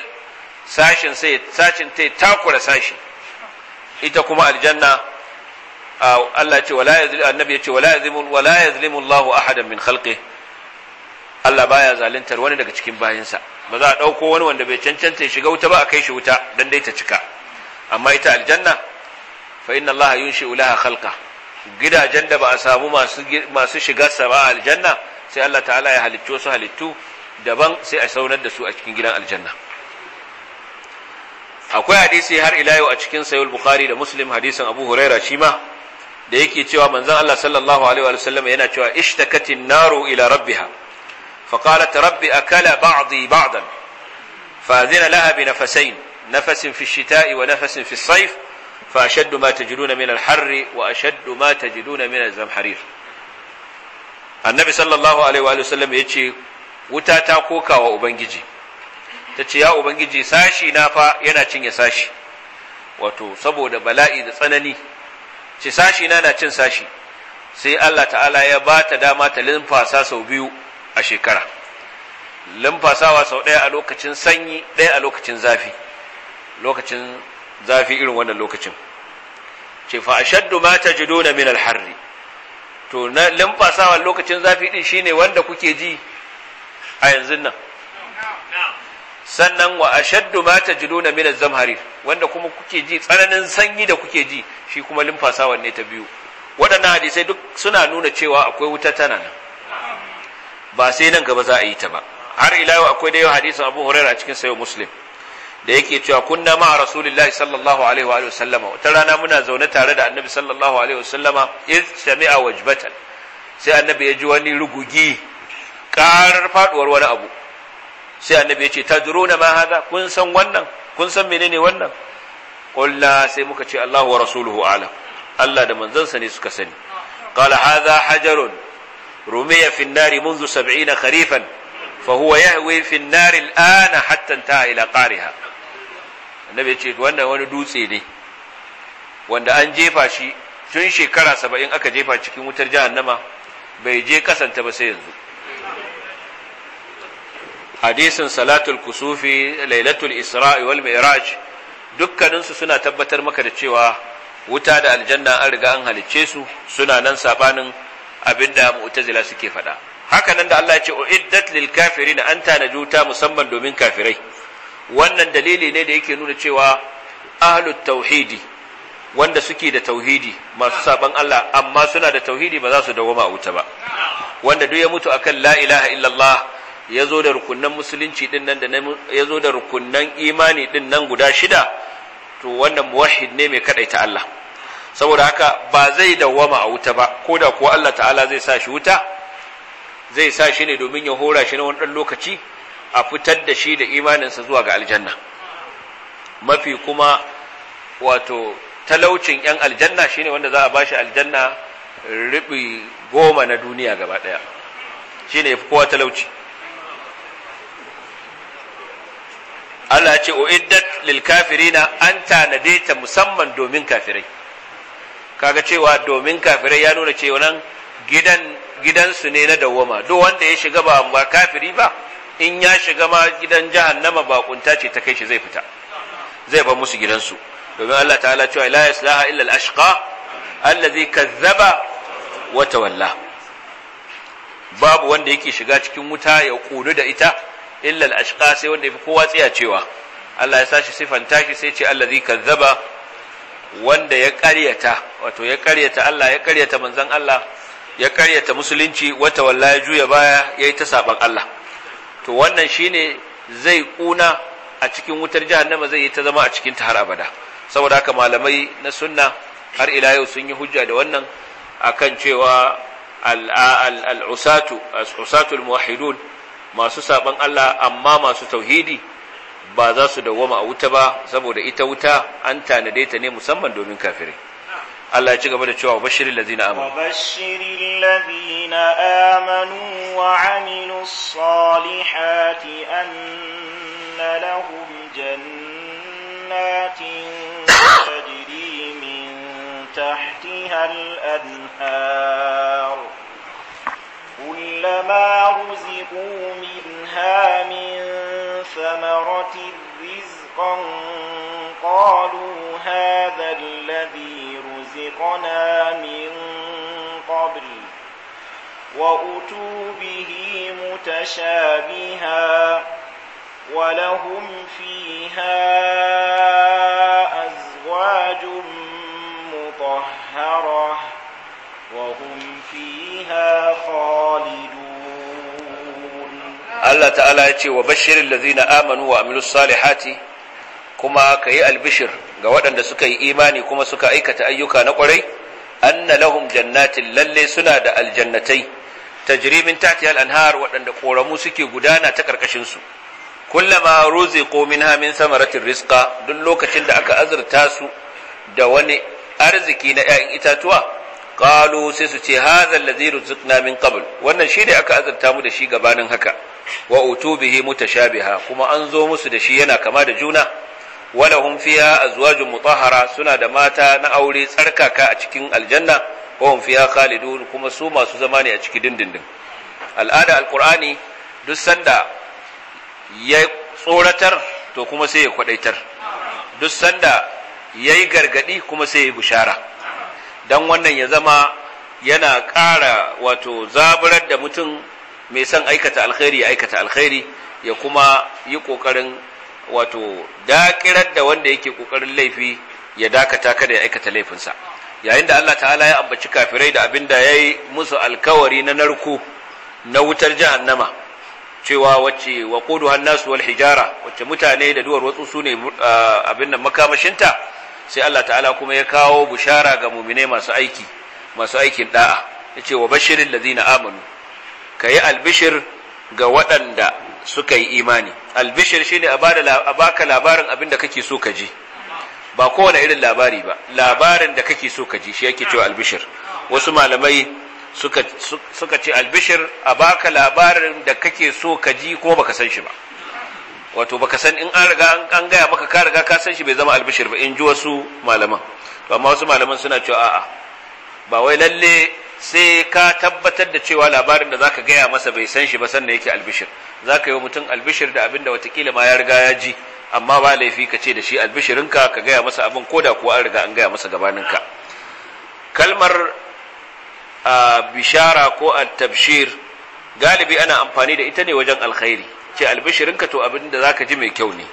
sashin sai sashin ta takura sashi ita kuma aljanna Allah ce wala yazlimu annabi ya ce wala yazlimu wala Allahu ahadan min khalqi Allah baya zaluntar wani daga cikin bayinsa ba za a dauko wani wanda bai cancanta ya shiga wuta ba a kai shi wuta dan dai ta cika amma ita aljanna fa inna Allah yunshi laha khalqa gidajen da ba a samu masu masu shigarsa ba aljanna sai Allah ta'ala ya halicci wasu halittu daban sai a saunar da su a cikin gidan aljanna akwai hadisi har ila yau a cikin sayul bukhari da muslim hadisin abu huraira shi da yake cewa manzan allah sallallahu alaihi wa sallam yana cewa ishtakatin naru ila rabbiha fa ta rabbi akala ba'dhi ba'dan fa zina laha bi nafasain nafasin fi shita'i wa nafasin fi sayf fa ashaddu ma tajiduna min al-harr wa ashaddu ma tajiduna min zamharir annabi sallallahu alaihi wa sallam yace wuta ta koka wa ubangiji ta ce ya ubangiji sashi na fa yana cinye sashi wato saboda bala'i da tsanani ce sashi na na cin sashi sai Allah ta'ala ya ba ta dama ta limfasa sau biyu a shekara limfasawa sau ɗaya a lokacin sanyi ɗaya a lokacin zafi lokacin zafi irin wannan lokacin ce fa ashaddu ma tajiduna min alharri. to na limfasawa lokacin zafi din shine wanda kuke ji a yanzu nan sannan wa ashaddu ma tajiduna min az-zamharir wanda kuma kuke ji tsananin sanyi da kuke ji shi kuma limfasawan ne ta biyu wadannan hadisai duk suna nuna cewa akwai wuta tana nan ba sai nan gaba za a yi ta ba har ila yau akwai da yau hadisin Abu Hurairah a cikin sayo Muslim da yake cewa kunna ma Rasulullahi sallallahu alaihi wa sallama wata rana muna zaune tare da Annabi sallallahu alaihi wa sallama iz sami'a wajbatan sai Annabi ya ji wani rugugi karar faduwar wani abu sai annabi ya ce tadruna ma hadha kun san wannan kun san menene wannan qulna sai muka ce Allahu wa rasuluhu alam Allah da manzansa ne suka sani qala hadha hajarun rumiya fi an-nari منذ 70 kharifan fa huwa yahwi fi nari al hatta ila qariha annabi ya ce wannan wani dutse ne wanda an jefa shi tun shekara saba'in aka jefa cikin wutar jahannama bai je kasanta ba sai yanzu hadisin salatul kusufi lailatul isra'i wal mi'raj dukkaninsu suna tabbatar maka da cewa wuta da aljanna an riga an halicce su suna nan sabanin abinda mu'tazila suke faɗa haka nan da Allah ya ce uiddat lil kafirin an tanadi wuta musamman domin kafirai wannan dalili ne da yake nuna cewa ahlut tauhidi wanda suke da tauhidi masu saban Allah amma suna da tauhidi ba za su dawoma a wuta ba wanda duk ya mutu akan la ilaha illallah ya zo da rukunan musulunci din nan da ya zo da rukunan imani din nan guda shida to wannan muwahid ne mai ta Allah saboda haka ba zai dawwama a wuta ba ko da kuwa Allah ta'ala zai sa shi wuta zai sa shi ne domin ya hora shi na wani ɗan lokaci a fitar da shi da imaninsa zuwa ga aljanna mafi kuma wato talaucin yan aljanna shine wanda za a ba shi aljanna ribi goma na duniya gaba daya shine yafi kowa talauci Allah ce uiddat lil kafirina an tanade ta musamman domin kafirai kaga cewa domin kafirai ya nuna cewa nan gidan gidansu ne na dawwama duk wanda ya shiga ba ba kafiri ba in ya shiga ma gidan jahannama ba kunta ce ta kai shi zai fita zai ba musu gidansu domin Allah ta'ala cewa la yaslaha illa al-ashqa allazi kazzaba wa tawalla babu wanda yake shiga cikin wuta ya kulu da ita illa al sai wanda yafi kowa tsaya cewa Allah ya sashi sifanta shi sai ce allazi zaba. wanda ya karyata wato ya karyata Allah ya karyata manzon Allah ya karyata musulunci wata walla ya juya baya yayi ta saban Allah to wannan shi ne zai kuna a cikin wutar Nama zai yi ta zama a cikin Tahar abada saboda haka malamai na sunna har ila yau sun yi hujja da wannan akan cewa al-usatu as-usatu al-muwahhidun masu saban Allah amma masu tauhidi ba za su dawoma a wuta ba saboda ita wuta an tanade ta ne musamman domin kafirai Allah ya ci gaba da cewa bashirin lazina amanu bashirin lazina amanu wa amilu salihati anna lahum jannatin tajri min tahtiha al-anhar كلما رزقوا منها من ثمرة رزقا قالوا هذا الذي رزقنا من قبل وأتوا به متشابها ولهم فيها أزواج مطهره وهم فيها خالدون الله تعالى يتي وبشر الذين آمنوا وعملوا الصالحات كما كي البشر قوانا لسكي إيماني كما سكا أيكة أيكا نقري أن لهم جنات للي سناد الجنتي تجري من تحتها الأنهار وأن قورمو سكي قدانا تكركشنسو كلما رزقوا منها من ثمرة الرزق دلوك شند أكا أزر تاسو دواني arziki na ‘ya'yan itatuwa qalu sai su ce hadha allazi ruzqna min qabl wannan shi ne aka azurta mu da shi gabanin haka wa utu sha mutashabiha kuma an zo musu da shi yana kama da juna walahum fiha azwajun mutahhara suna da mata na aure tsarkaka a cikin aljanna wa hum fiha kuma su masu zama ne a cikin dindindin al'ada alqur'ani duk sanda ya tsoratar to kuma sai ya kwadaitar duk sanda yayi gargadi kuma sai ya bushara don wannan ya zama yana ƙara wato zaburar da mutum mai son aikata alkhairi ya aikata alkhairi ya kuma yi ƙoƙarin wato daƙirar da wanda yake ƙoƙarin laifi ya dakata kada ya aikata laifinsa yayin da Allah ta'ala ya ambaci kafirai da abin da ya yi musu alkawari na narko na wutar jahannama cewa wacce wa kudu hannasu wal hijara wacce mutane da duwar watsu su ne uh, abin nan makamashinta sai Allah ta'ala kuma ya kawo bushara ga mu'mine masu aiki masu aikin da'a ce wa bashirin ladina amanu kayi albishir ga waɗanda suka yi imani albishir shine ne a baka labarin abin da kake so ka ji ba kowane irin labari ba labarin da kake so ka ji shi yake cewa albishir wasu malamai suka suka ce albishir a baka labarin da kake so ka ji ko baka san shi ba wato baka san in an riga an gaya maka ka riga ka san shi bai zama albishir ba in ji wasu malaman to amma wasu malaman suna cewa a'a ba wai lalle sai ka tabbatar da cewa labarin da zaka gaya masa bai san shi ba sannan yake albishir zaka yi wa mutum albishir da abin da watakila ma ya riga ya ji amma ba laifi ka ce da shi albishirin ka ka gaya masa abin koda kuwa an riga an gaya masa ka. kalmar bishara ko al-tabshir galibi ana amfani da ita ne wajen alkhairi ce albishirinka to abin da zaka ji mai kyau ne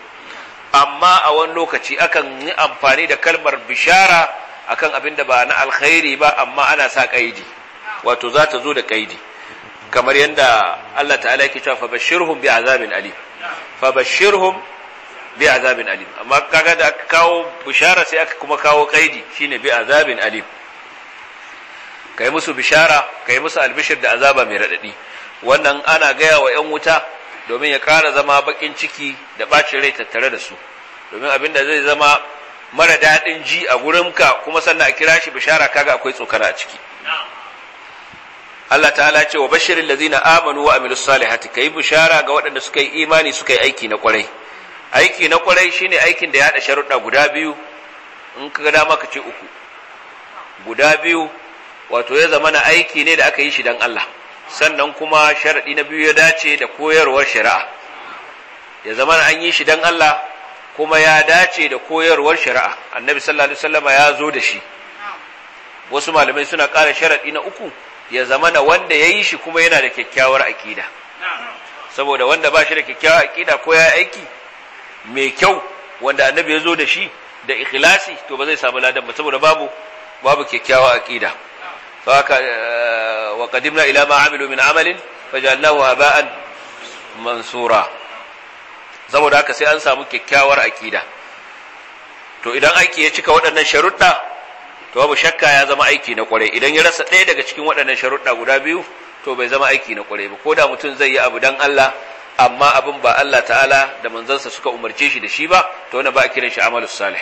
amma a wani lokaci akan yi amfani da kalmar bishara akan abin da ba na alkhairi ba amma ana sa kaidi wato za ta zo da kaidi kamar yadda Allah ta'ala yake cewa fabashirhum bi azabin alim fabashirhum bi azabin alim amma kaga da aka kawo bishara sai aka kuma kawo kaidi shine bi azabin alim kai musu bishara kai musu albishir da azaba mai radadi wannan ana gaya wa 'yan wuta domin ya kara zama bakin ciki da ɓacin rai tattare da su domin abin da zai zama mara daɗin ji a ka kuma sannan a kira shi bishara kaga akwai tsokana a ciki Allah ta'ala ce wa bashirin lazina amanu wa amilus salihati yi bishara ga waɗanda suka yi imani suka yi aiki na kwarai aiki na kwarai shine aikin da ya haɗa sharuɗa guda biyu in ka gada maka ce uku guda biyu wato ya zama na aiki ne da aka yi shi don Allah sannan kuma sharaɗi na biyu ya dace da koyarwar shari'a ya zama an yi shi don Allah kuma ya dace da koyarwar shari'a annabi sallallahu alaihi wasallama ya zo da shi wasu malamai suna ƙara sharaɗi na uku ya zama na wanda ya yi shi kuma yana da kyakkyawar aƙida saboda wanda ba shi da kyakkyawar aƙida ko ya aiki mai kyau wanda annabi ya zo da shi da ikhlasi to ba zai samu ladan ba saboda babu babu kyakkyawar aƙida haka eh, wa qadimna ila ma amilu min amalin fajalnahu haba'an mansura saboda haka sai an samu kyakkyawar akida to idan aiki ya cika waɗannan sharuɗa to babu shakka ya zama aiki na kwarai idan ya rasa ɗaya daga cikin waɗannan sharuɗa guda biyu to bai zama aiki na kwarai ba ko da mutum zai yi abu dan Allah amma abin ba Allah ta'ala da manzansa suka umarce shi da shi ba to wannan ba a kiran shi amalus salih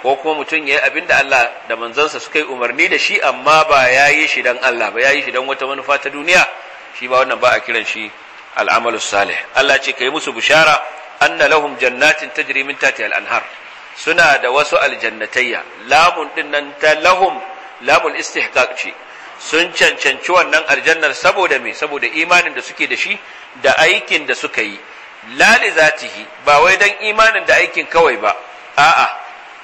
ko kuma mutum ya yi abin da Allah da manzansa suka yi umarni da shi amma ba ya yi shi don Allah ba ya yi shi don wata manufa ta duniya shi ba wannan ba a kiran shi al'amalus salih Allah ce ka yi musu bishara anna lahum jannatin tajri min tati al-anhar suna da wasu aljannatayya lamun din nan ta lahum lamul istihqaq ce sun cancanci wannan aljannar saboda me saboda imanin da suke da shi da aikin da suka yi lali zatihi ba wai dan imanin da aikin kawai ba a'a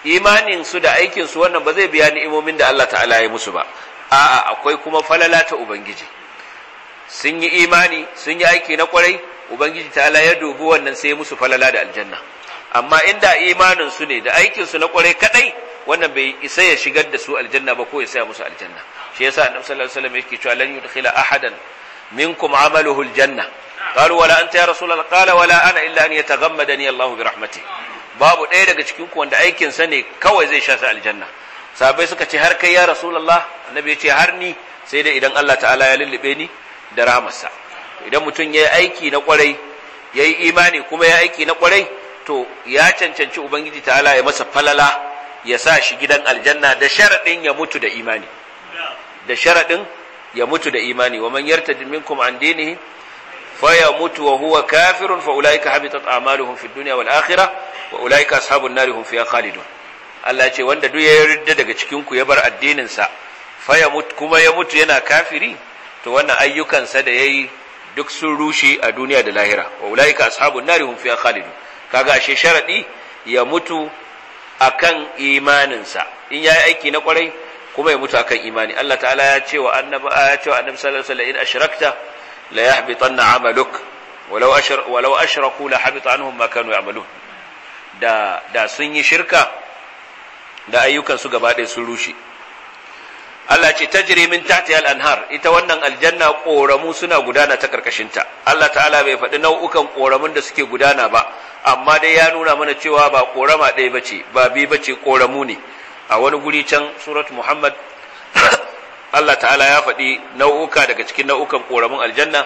imanin su da aikin su wannan ba zai biya ni'imomin da Allah ta'ala ya musu ba a'a akwai kuma falala ta ubangiji sun yi imani sun yi aiki na kwarai ubangiji ta'ala ya dubi wannan sai musu falala da aljanna amma inda imanin su ne da aikin su na kwarai kadai wannan bai isa ya shigar da su aljanna ba ko ya saya musu aljanna shi yasa annabi sallallahu alaihi wasallam yake cewa lan yudkhila ahadan minkum amaluhu aljanna qalu wala anta ya rasulullah qala wala ana illa an yataghammadani Allah bi rahmatihi babu ɗaya daga cikin ku wanda aikin sa ne kawai zai sha sa aljanna sabai suka ce har kai ya rasulullah annabi ya ce har ni sai dai idan Allah ta'ala ya lullube ni da rahamarsa idan mutum ya yi aiki na kwarai ya yi imani kuma ya aiki na kwarai to ya cancanci ubangiji ta'ala ya masa falala ya sa shi gidan aljanna da sharaɗin ya mutu da imani da sharaɗin ya mutu da imani wa man yarta minkum an dinihi mutu wa huwa فيموت وهو كافر فأولئك حبطت أعمالهم في الدنيا والآخرة وأولئك أصحاب النار هم فيها خالدون Allah ce wanda duk ya yarda daga cikin ku ya bar addininsa fa ya mutu kuma ya mutu yana kafiri to wannan ayyukansa da yayi duk sun rushe a duniya da lahira wa ulaika ashabun nari hum fiha khalidun kaga ashe sharadi ya mutu akan imaninsa in yayi aiki na kwarai kuma ya mutu akan imani Allah ta'ala ya ce wa annabi ya ce wa annabi sallallahu alaihi wasallam in ashrakta la yahbitanna amaluk walau ashar walau ashraku la habita anhum ma kanu ya'malun da da sun yi shirka da ayyukan su gaba ɗaya sun rushe Allah ce tajri min tahti al-anhar ita wannan aljanna koramu suna gudana ta karkashin ta Allah ta'ala bai faɗi nau'ukan koramun da suke gudana ba amma dai ya nuna mana cewa ba korama ɗaya bace ba bi bace koramu ne a wani guri can surat Muhammad Allah ta'ala ya faɗi nau'uka daga cikin nau'ukan ƙoramin aljanna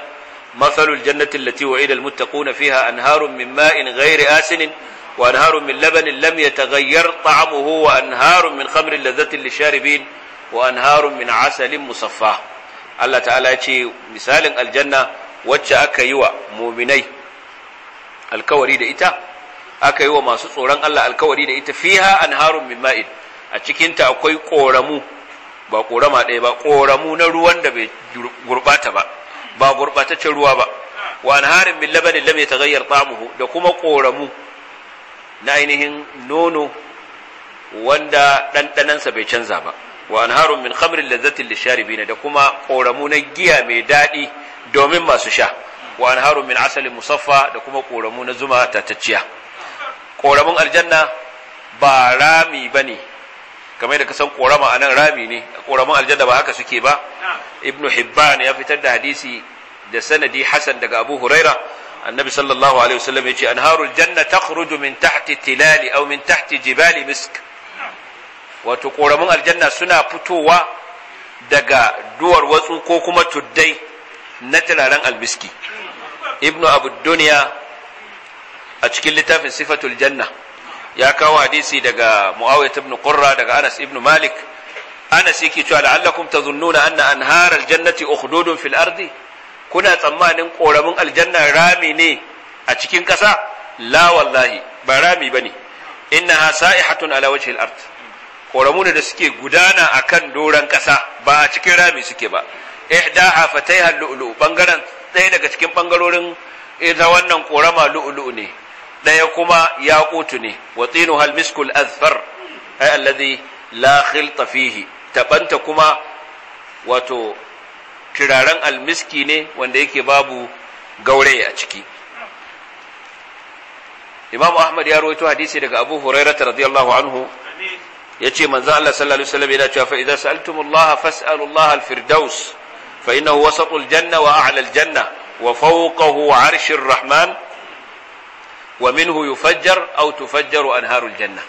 masalul jannati allati wa'ida almuttaquna fiha anharun min ma'in ghairi asinin wa anharun min labanin lam yataghayyar ta'amuhu wa anharun min khamrin ladhatin lisharibin wa anharun min asalin musaffa Allah ta'ala ya ce misalin aljanna wacce aka yi wa muminai alkawari da ita aka yi wa masu tsoron Allah alkawari da ita fiha anharun min ma'in a cikinta akwai ƙoramu ba ƙorama ɗaya ba ƙoramu na ruwan da bai gurɓata ba ba gurɓataccen ruwa ba wa harin min labanin lam yataghayyar ta'amuhu da kuma ƙoramu na ainihin nono wanda ɗanɗanansa bai canza ba wa harin min khamrin lazzatin lisharibina da kuma ƙoramu na giya mai daɗi domin masu sha wa harin min asalin musaffa da kuma ƙoramu na zuma tatacciya ƙoramun aljanna ba rami ba ne. kamar da kasan korama a nan rami ne koraman aljanna ba haka suke ba ibnu hibban ya fitar da hadisi da sanadi hasan daga abu huraira annabi sallallahu alaihi wasallam ya ce anharul janna takhruju min tahti tilali aw min tahti jibali misk wato koramin aljanna suna fitowa daga duwar watsu ko kuma tuddai na turaren albiski ibnu abu duniya a cikin littafin sifatul janna ya kawo hadisi daga muawiyah ibn qurra daga anas ibn malik anas yake cewa la'allakum tazunnuna anna anhar aljannati ukhdudun fil ardi kuna tsammanin koramin aljanna rami ne a cikin ƙasa la wallahi ba rami bane innaha sa'ihatun ala wajhi al-ard koramu da suke gudana akan doran kasa ba a cikin rami suke ba ihdaha fataiha lu'lu bangaren ɗaya daga cikin bangarorin ita wannan korama lu'lu ne ɗaya kuma ya yaqutu ne wa tinuha al-miskul azfar ay alladhi la khilta fihi tabanta kuma wato turaren almiski ne wanda yake babu gaure a ciki Imam Ahmad ya rawaito hadisi daga Abu Hurairah radiyallahu anhu yace manzo Allah sallallahu alaihi wasallam yana cewa fa idza sa'altumullaha fas'alullaha fa innahu wasatul janna wa a'la janna wa fawqahu 'arshir rahman wa minhu yufajjar aw tufajjaru anharul janna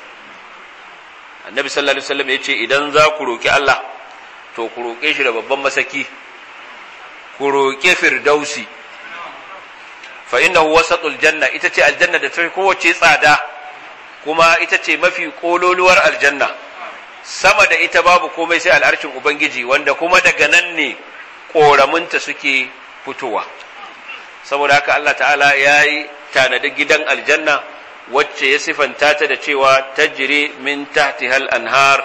annabi sallallahu alaihi wasallam yace idan za ku roki Allah to ku roke shi da babban masaki ku roke firdausi fa innahu wasatul janna ita ce aljanna da ta kowace tsada kuma ita ce mafi kololuwar aljanna sama da ita babu komai sai al'arshin ubangiji wanda kuma daga nan ne koramunta suke fitowa saboda haka Allah ta'ala ya yi tanadi gidan aljanna wacce ya sifanta ta da cewa tajri min tahtiha hal anhar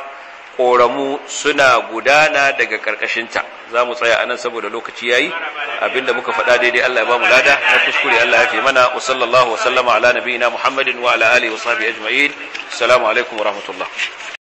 koramu suna gudana daga karkashinta za mu tsaya anan saboda lokaci yayi abinda muka faɗa daidai Allah ya ba mu lada na kuskure Allah ya fi mana wa sallallahu wa sallama ala nabiyina Muhammadin wa ala alihi wa sahbihi ajma'in assalamu alaikum wa rahmatullah